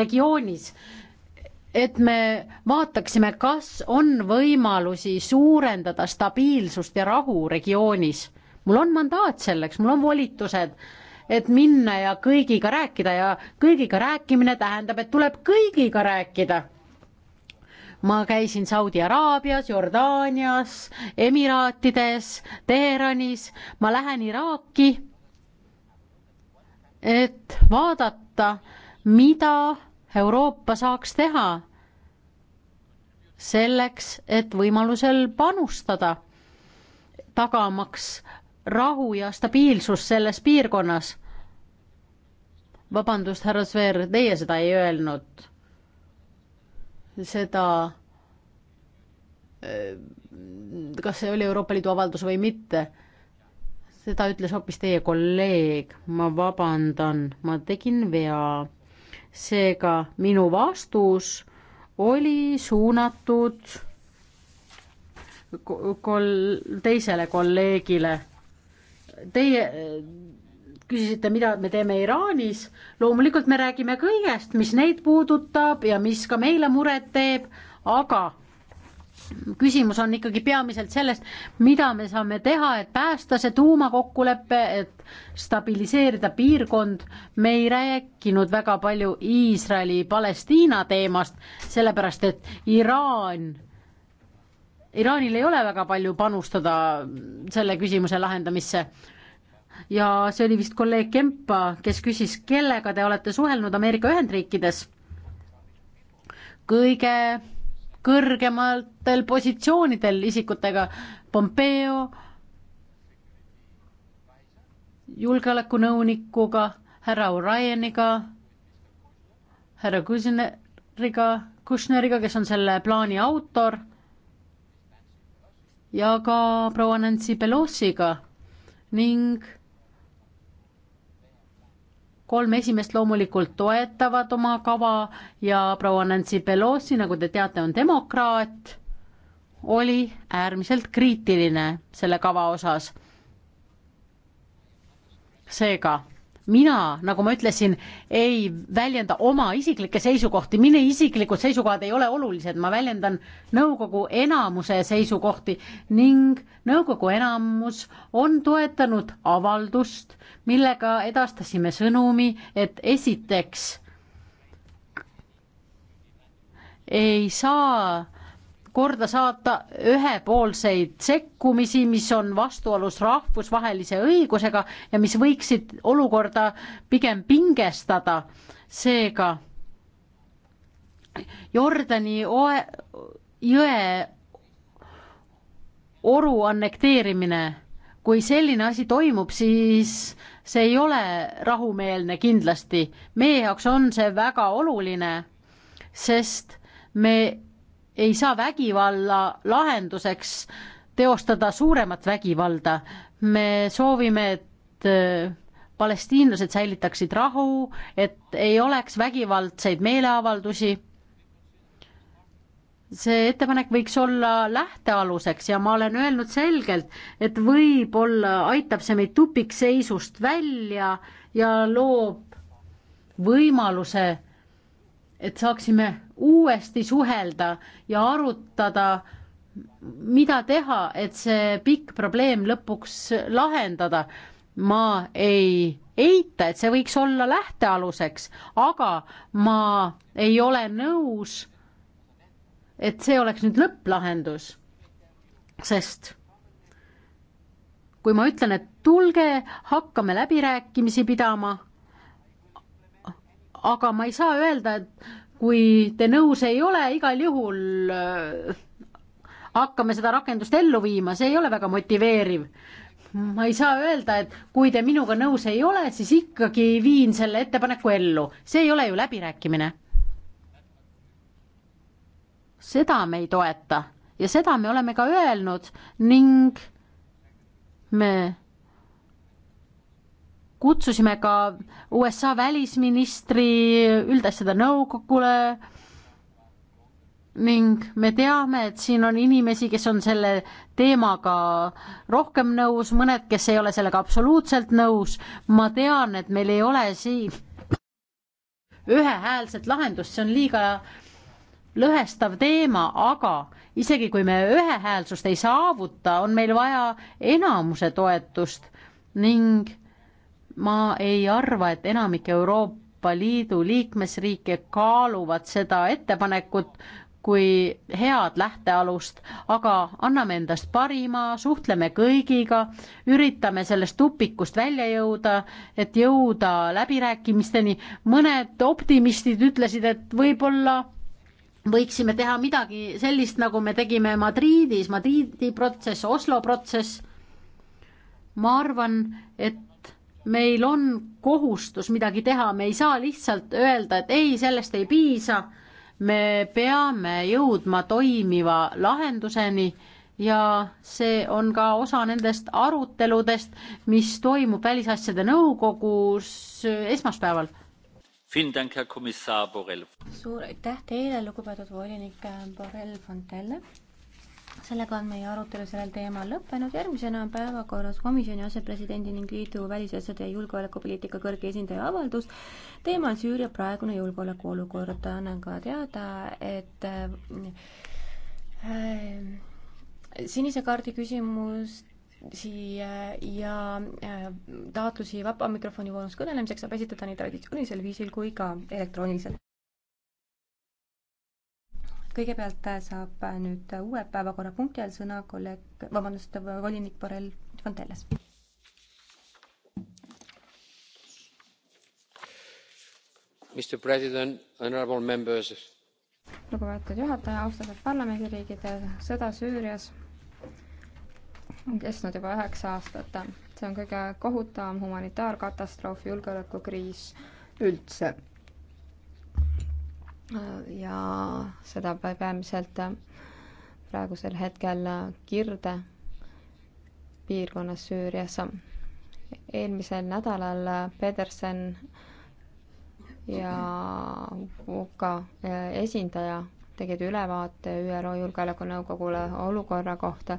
regioonis et me vaataksime, kas on võimalusi suurendada stabiilsust ja rahu regioonis. mul on mandaat selleks, mul on volitused, et minna ja kõigiga rääkida ja kõigiga rääkimine tähendab, et tuleb kõigiga rääkida. ma käisin Saudi Araabias, Jordaanias, Emiraatides, Teheranis, ma lähen Iraaki, et vaadata, mida Euroopa saaks teha selleks, et võimalusel panustada, tagamaks rahu ja stabiilsus selles piirkonnas. vabandust, härra Sveer, teie seda ei öelnud. seda, äh, kas see oli Euroopa Liidu avaldus või mitte seda ütles hoopis teie kolleeg, ma vabandan, ma tegin vea seega minu vastus oli suunatud kol-, teisele kolleegile. Teie äh, küsisite, mida me teeme Iraanis, loomulikult me räägime kõigest, mis neid puudutab ja mis ka meile muret teeb, aga küsimus on ikkagi peamiselt sellest, mida me saame teha, et päästa see tuumakokkulepe, et stabiliseerida piirkond. me ei rääkinud väga palju Iisraeli-Palestiina teemast, sellepärast et Iraan, Iraanil ei ole väga palju panustada selle küsimuse lahendamisse ja see oli vist kolleeg Kempa, kes küsis, kellega te olete suhelnud Ameerika Ühendriikides. kõige kõrgematel positsioonidel isikutega, Pompeo, julgeolekunõunikuga, härra Orioniga, härra Kuzneriga, Kushneriga, kes on selle plaani autor, ja ka proua Nancy Pelosiga ning kolm esimest loomulikult toetavad oma kava ja proua Nancy Pelosi, nagu te teate, on demokraat, oli äärmiselt kriitiline selle kava osas. seega mina, nagu ma ütlesin, ei väljenda oma isiklikke seisukohti, minu isiklikud seisukohad ei ole olulised, ma väljendan nõukogu enamuse seisukohti ning nõukogu enamus on toetanud avaldust, millega edastasime sõnumi, et esiteks ei saa korda saata ühepoolseid sekkumisi, mis on vastuolus rahvusvahelise õigusega ja mis võiksid olukorda pigem pingestada. seega Jordani oe, jõe oru annekteerimine, kui selline asi toimub, siis see ei ole rahumeelne kindlasti. meie jaoks on see väga oluline, sest me ei saa vägivalla lahenduseks teostada suuremat vägivalda. me soovime, et äh, palestiinlased säilitaksid rahu, et ei oleks vägivaldseid meeleavaldusi. see ettepanek võiks olla lähtealuseks ja ma olen öelnud selgelt, et võib-olla aitab see meid tupikseisust välja ja loob võimaluse, et saaksime uuesti suhelda ja arutada, mida teha, et see pikk probleem lõpuks lahendada. ma ei eita, et see võiks olla lähtealuseks, aga ma ei ole nõus, et see oleks nüüd lõpplahendus. sest kui ma ütlen, et tulge, hakkame läbirääkimisi pidama, aga ma ei saa öelda, et kui te nõus ei ole, igal juhul äh, hakkame seda rakendust ellu viima, see ei ole väga motiveeriv. ma ei saa öelda, et kui te minuga nõus ei ole, siis ikkagi viin selle ettepaneku ellu, see ei ole ju läbirääkimine. seda me ei toeta ja seda me oleme ka öelnud ning me kutsusime ka USA välisministri üldasjade nõukogule ning me teame, et siin on inimesi, kes on selle teemaga rohkem nõus, mõned, kes ei ole sellega absoluutselt nõus. ma tean, et meil ei ole siin ühehäälset lahendust, see on liiga lõhestav teema, aga isegi kui me ühehäälsust ei saavuta, on meil vaja enamuse toetust ning ma ei arva, et enamik Euroopa Liidu liikmesriike kaaluvad seda ettepanekut kui head lähtealust, aga anname endast parima, suhtleme kõigiga, üritame sellest tupikust välja jõuda, et jõuda läbirääkimisteni. mõned optimistid ütlesid, et võib-olla võiksime teha midagi sellist, nagu me tegime Madridis, Madridi protsess, Oslo protsess. ma arvan, et meil on kohustus midagi teha, me ei saa lihtsalt öelda, et ei, sellest ei piisa. me peame jõudma toimiva lahenduseni ja see on ka osa nendest aruteludest, mis toimub Välisasjade Nõukogus esmaspäeval. suur aitäh teile, lugupeetud volinik Borrell Fontelle sellega on meie arutelu sellel teemal lõppenud, järgmisena on päevakorras komisjoni asepresidendi ning liidu välisasjade ja julgeolekupoliitika kõrge esindaja avaldus. teema on Süüria praegune julgeolekuolukord, annan ka teada, et äh, sinise kaardi küsimust siia äh, ja äh, taotlusi vaba mikrofoni voorus kõnelemiseks saab esitada nii traditsioonilisel viisil kui ka elektrooniliselt kõigepealt äh, saab äh, nüüd äh, uue päevakorrapunkti all sõna kolleeg, vabandust, volinik Borrell Fonteles. Mr President, honorable members. lugupeetud juhataja, austatud parlamendiliigid, sõda Süürias on kestnud juba üheksa aastat. see on kõige kohutavam humanitaarkatastroof, julgeolekukriis üldse ja seda peamiselt äh, praegusel hetkel äh, Kirde piirkonnas Süürias. eelmisel nädalal äh, Pedersen ja UK esindaja tegid ülevaate ÜRO Julgeolekunõukogule olukorra kohta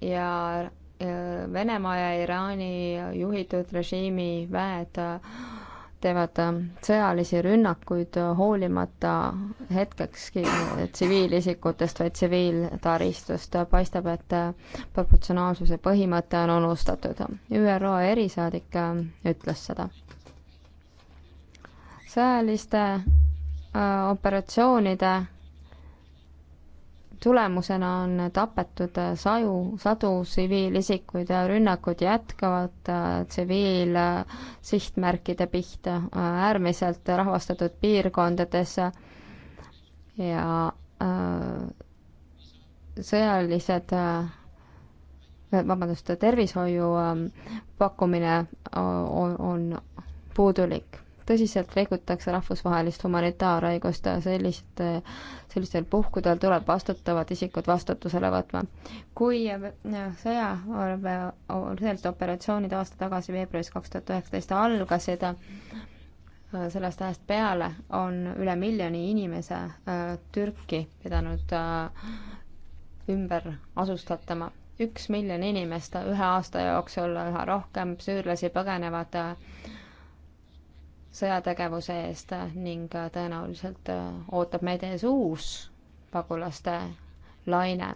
ja Venemaa ja Iraani juhitud režiimi väed teevad äh, sõjalisi rünnakuid äh, hoolimata hetkekski äh, tsiviilisikutest või tsiviiltaristust. paistab, et proportsionaalsuse põhimõte on unustatud. ÜRO erisaadik ütles seda. sõjaliste operatsioonide tulemusena on tapetud saju, sadu tsiviilisikuid ja rünnakud jätkavad äh, tsiviilsihtmärkide pihta äh, äärmiselt rahvastatud piirkondades ja äh, sõjalised vabandust, tervishoiu pakkumine on, on puudulik tõsiselt rikutakse rahvusvahelist humanitaarõigust, sellist, sellistel puhkudel tuleb vastutavad isikud vastutusele võtma. kui sõjavalve, sellised operatsioonid aasta tagasi, veebruaris kaks tuhat üheksateist algasid, sellest ajast peale on üle miljoni inimese Türki pidanud ümber asustatama üks miljon inimest ühe aasta jooksul, üha rohkem süürlasi põgenevad äh, sõjategevuse eest ning äh, tõenäoliselt äh, ootab meid ees uus pagulaste laine.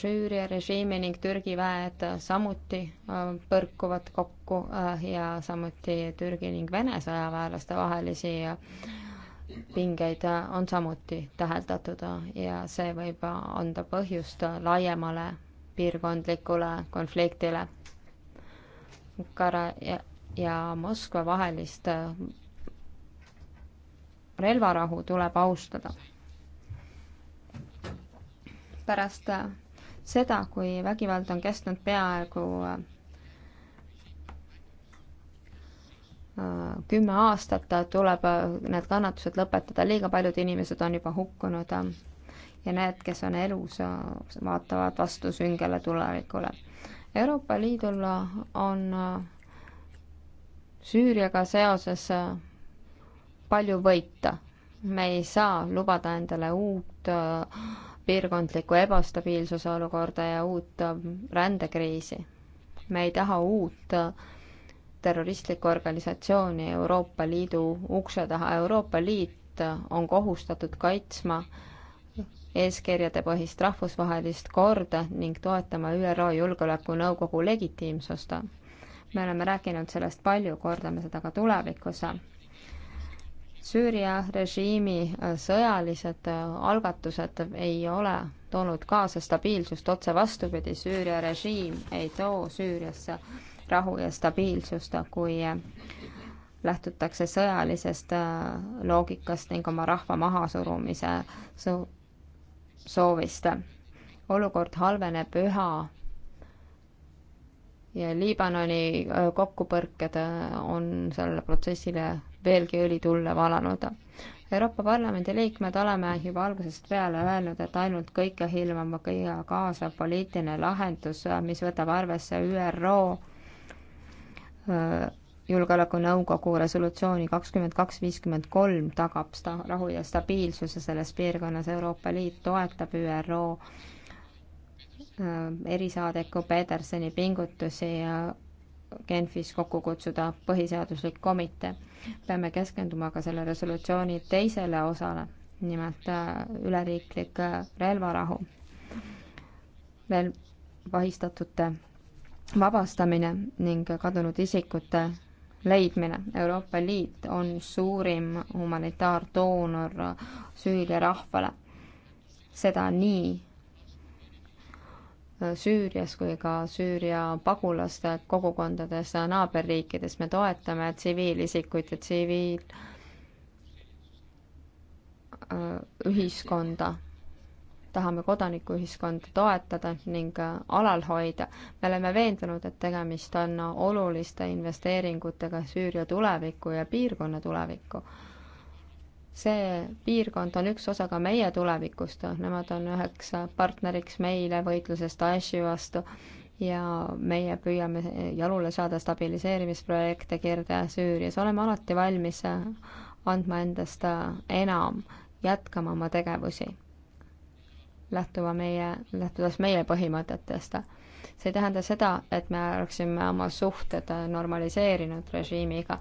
Süüria režiimi ning Türgi väed samuti äh, põrkuvad kokku ja samuti Türgi ning Vene sõjaväelaste vahelisi pingeid on samuti täheldatud ja see võib anda põhjust laiemale piirkondlikule konfliktile. Kara- ja ja Moskva vahelist äh, relvarahu tuleb austada. pärast äh, seda, kui vägivald on kestnud peaaegu äh, kümme aastat, tuleb need kannatused lõpetada, liiga paljud inimesed on juba hukkunud ja need, kes on elus, vaatavad vastu süngele tulevikule. Euroopa Liidul on Süüriaga seoses äh, palju võita. me ei saa lubada endale uut äh, piirkondlikku ebastabiilsuse olukorda ja uut äh, rändekriisi. me ei taha uut terroristlikku organisatsiooni Euroopa Liidu ukse taha. Euroopa Liit on kohustatud kaitsma eeskirjade põhist rahvusvahelist korda ning toetama ÜRO Julgeolekunõukogu legitiimsust me oleme rääkinud sellest palju, kordame seda ka tulevikus. Süüria režiimi äh, sõjalised äh, algatused ei ole toonud kaasa stabiilsust, otse vastupidi, Süüria režiim ei too Süüriasse rahu ja stabiilsust, kui äh, lähtutakse sõjalisest loogikast ning oma rahva mahasurumise soovist. olukord halveneb üha ja Liibanoni äh, kokkupõrked äh, on sellele protsessile veelgi õli tulle valanud. Euroopa Parlamendi liikmed oleme juba algusest peale öelnud, et ainult kõike hilmama kõige kaasav poliitiline lahendus, äh, mis võtab arvesse ÜRO julgeolekunõukogu resolutsiooni kakskümmend kaks viiskümmend kolm tagab sta-, rahu ja stabiilsuse selles piirkonnas, Euroopa Liit toetab ÜRO Äh, erisaadiku Petersoni pingutusi Genfis kokku kutsuda põhiseaduslik komitee. peame keskenduma ka selle resolutsiooni teisele osale, nimelt äh, üleriiklik äh, relvarahu, veel vahistatute vabastamine ning kadunud isikute leidmine. Euroopa Liit on suurim humanitaardoonor Süüria rahvale. seda nii Süürias kui ka Süüria pagulaste kogukondades naaberriikides. me toetame tsiviilisikuid ja tsiviilühiskonda. Äh, tahame kodanikuühiskonda toetada ning äh, alal hoida. me oleme veendunud, et tegemist on oluliste investeeringutega Süüria tulevikku ja piirkonna tulevikku see piirkond on üks osa ka meie tulevikust, nemad on üheks partneriks meile võitluses Daeshi vastu ja meie püüame jalule saada stabiliseerimisprojekte Kirde-Süürias, oleme alati valmis andma endast enam, jätkama oma tegevusi, lähtuva meie, lähtudes meie põhimõtetest. see ei tähenda seda, et me oleksime oma suhted normaliseerinud režiimiga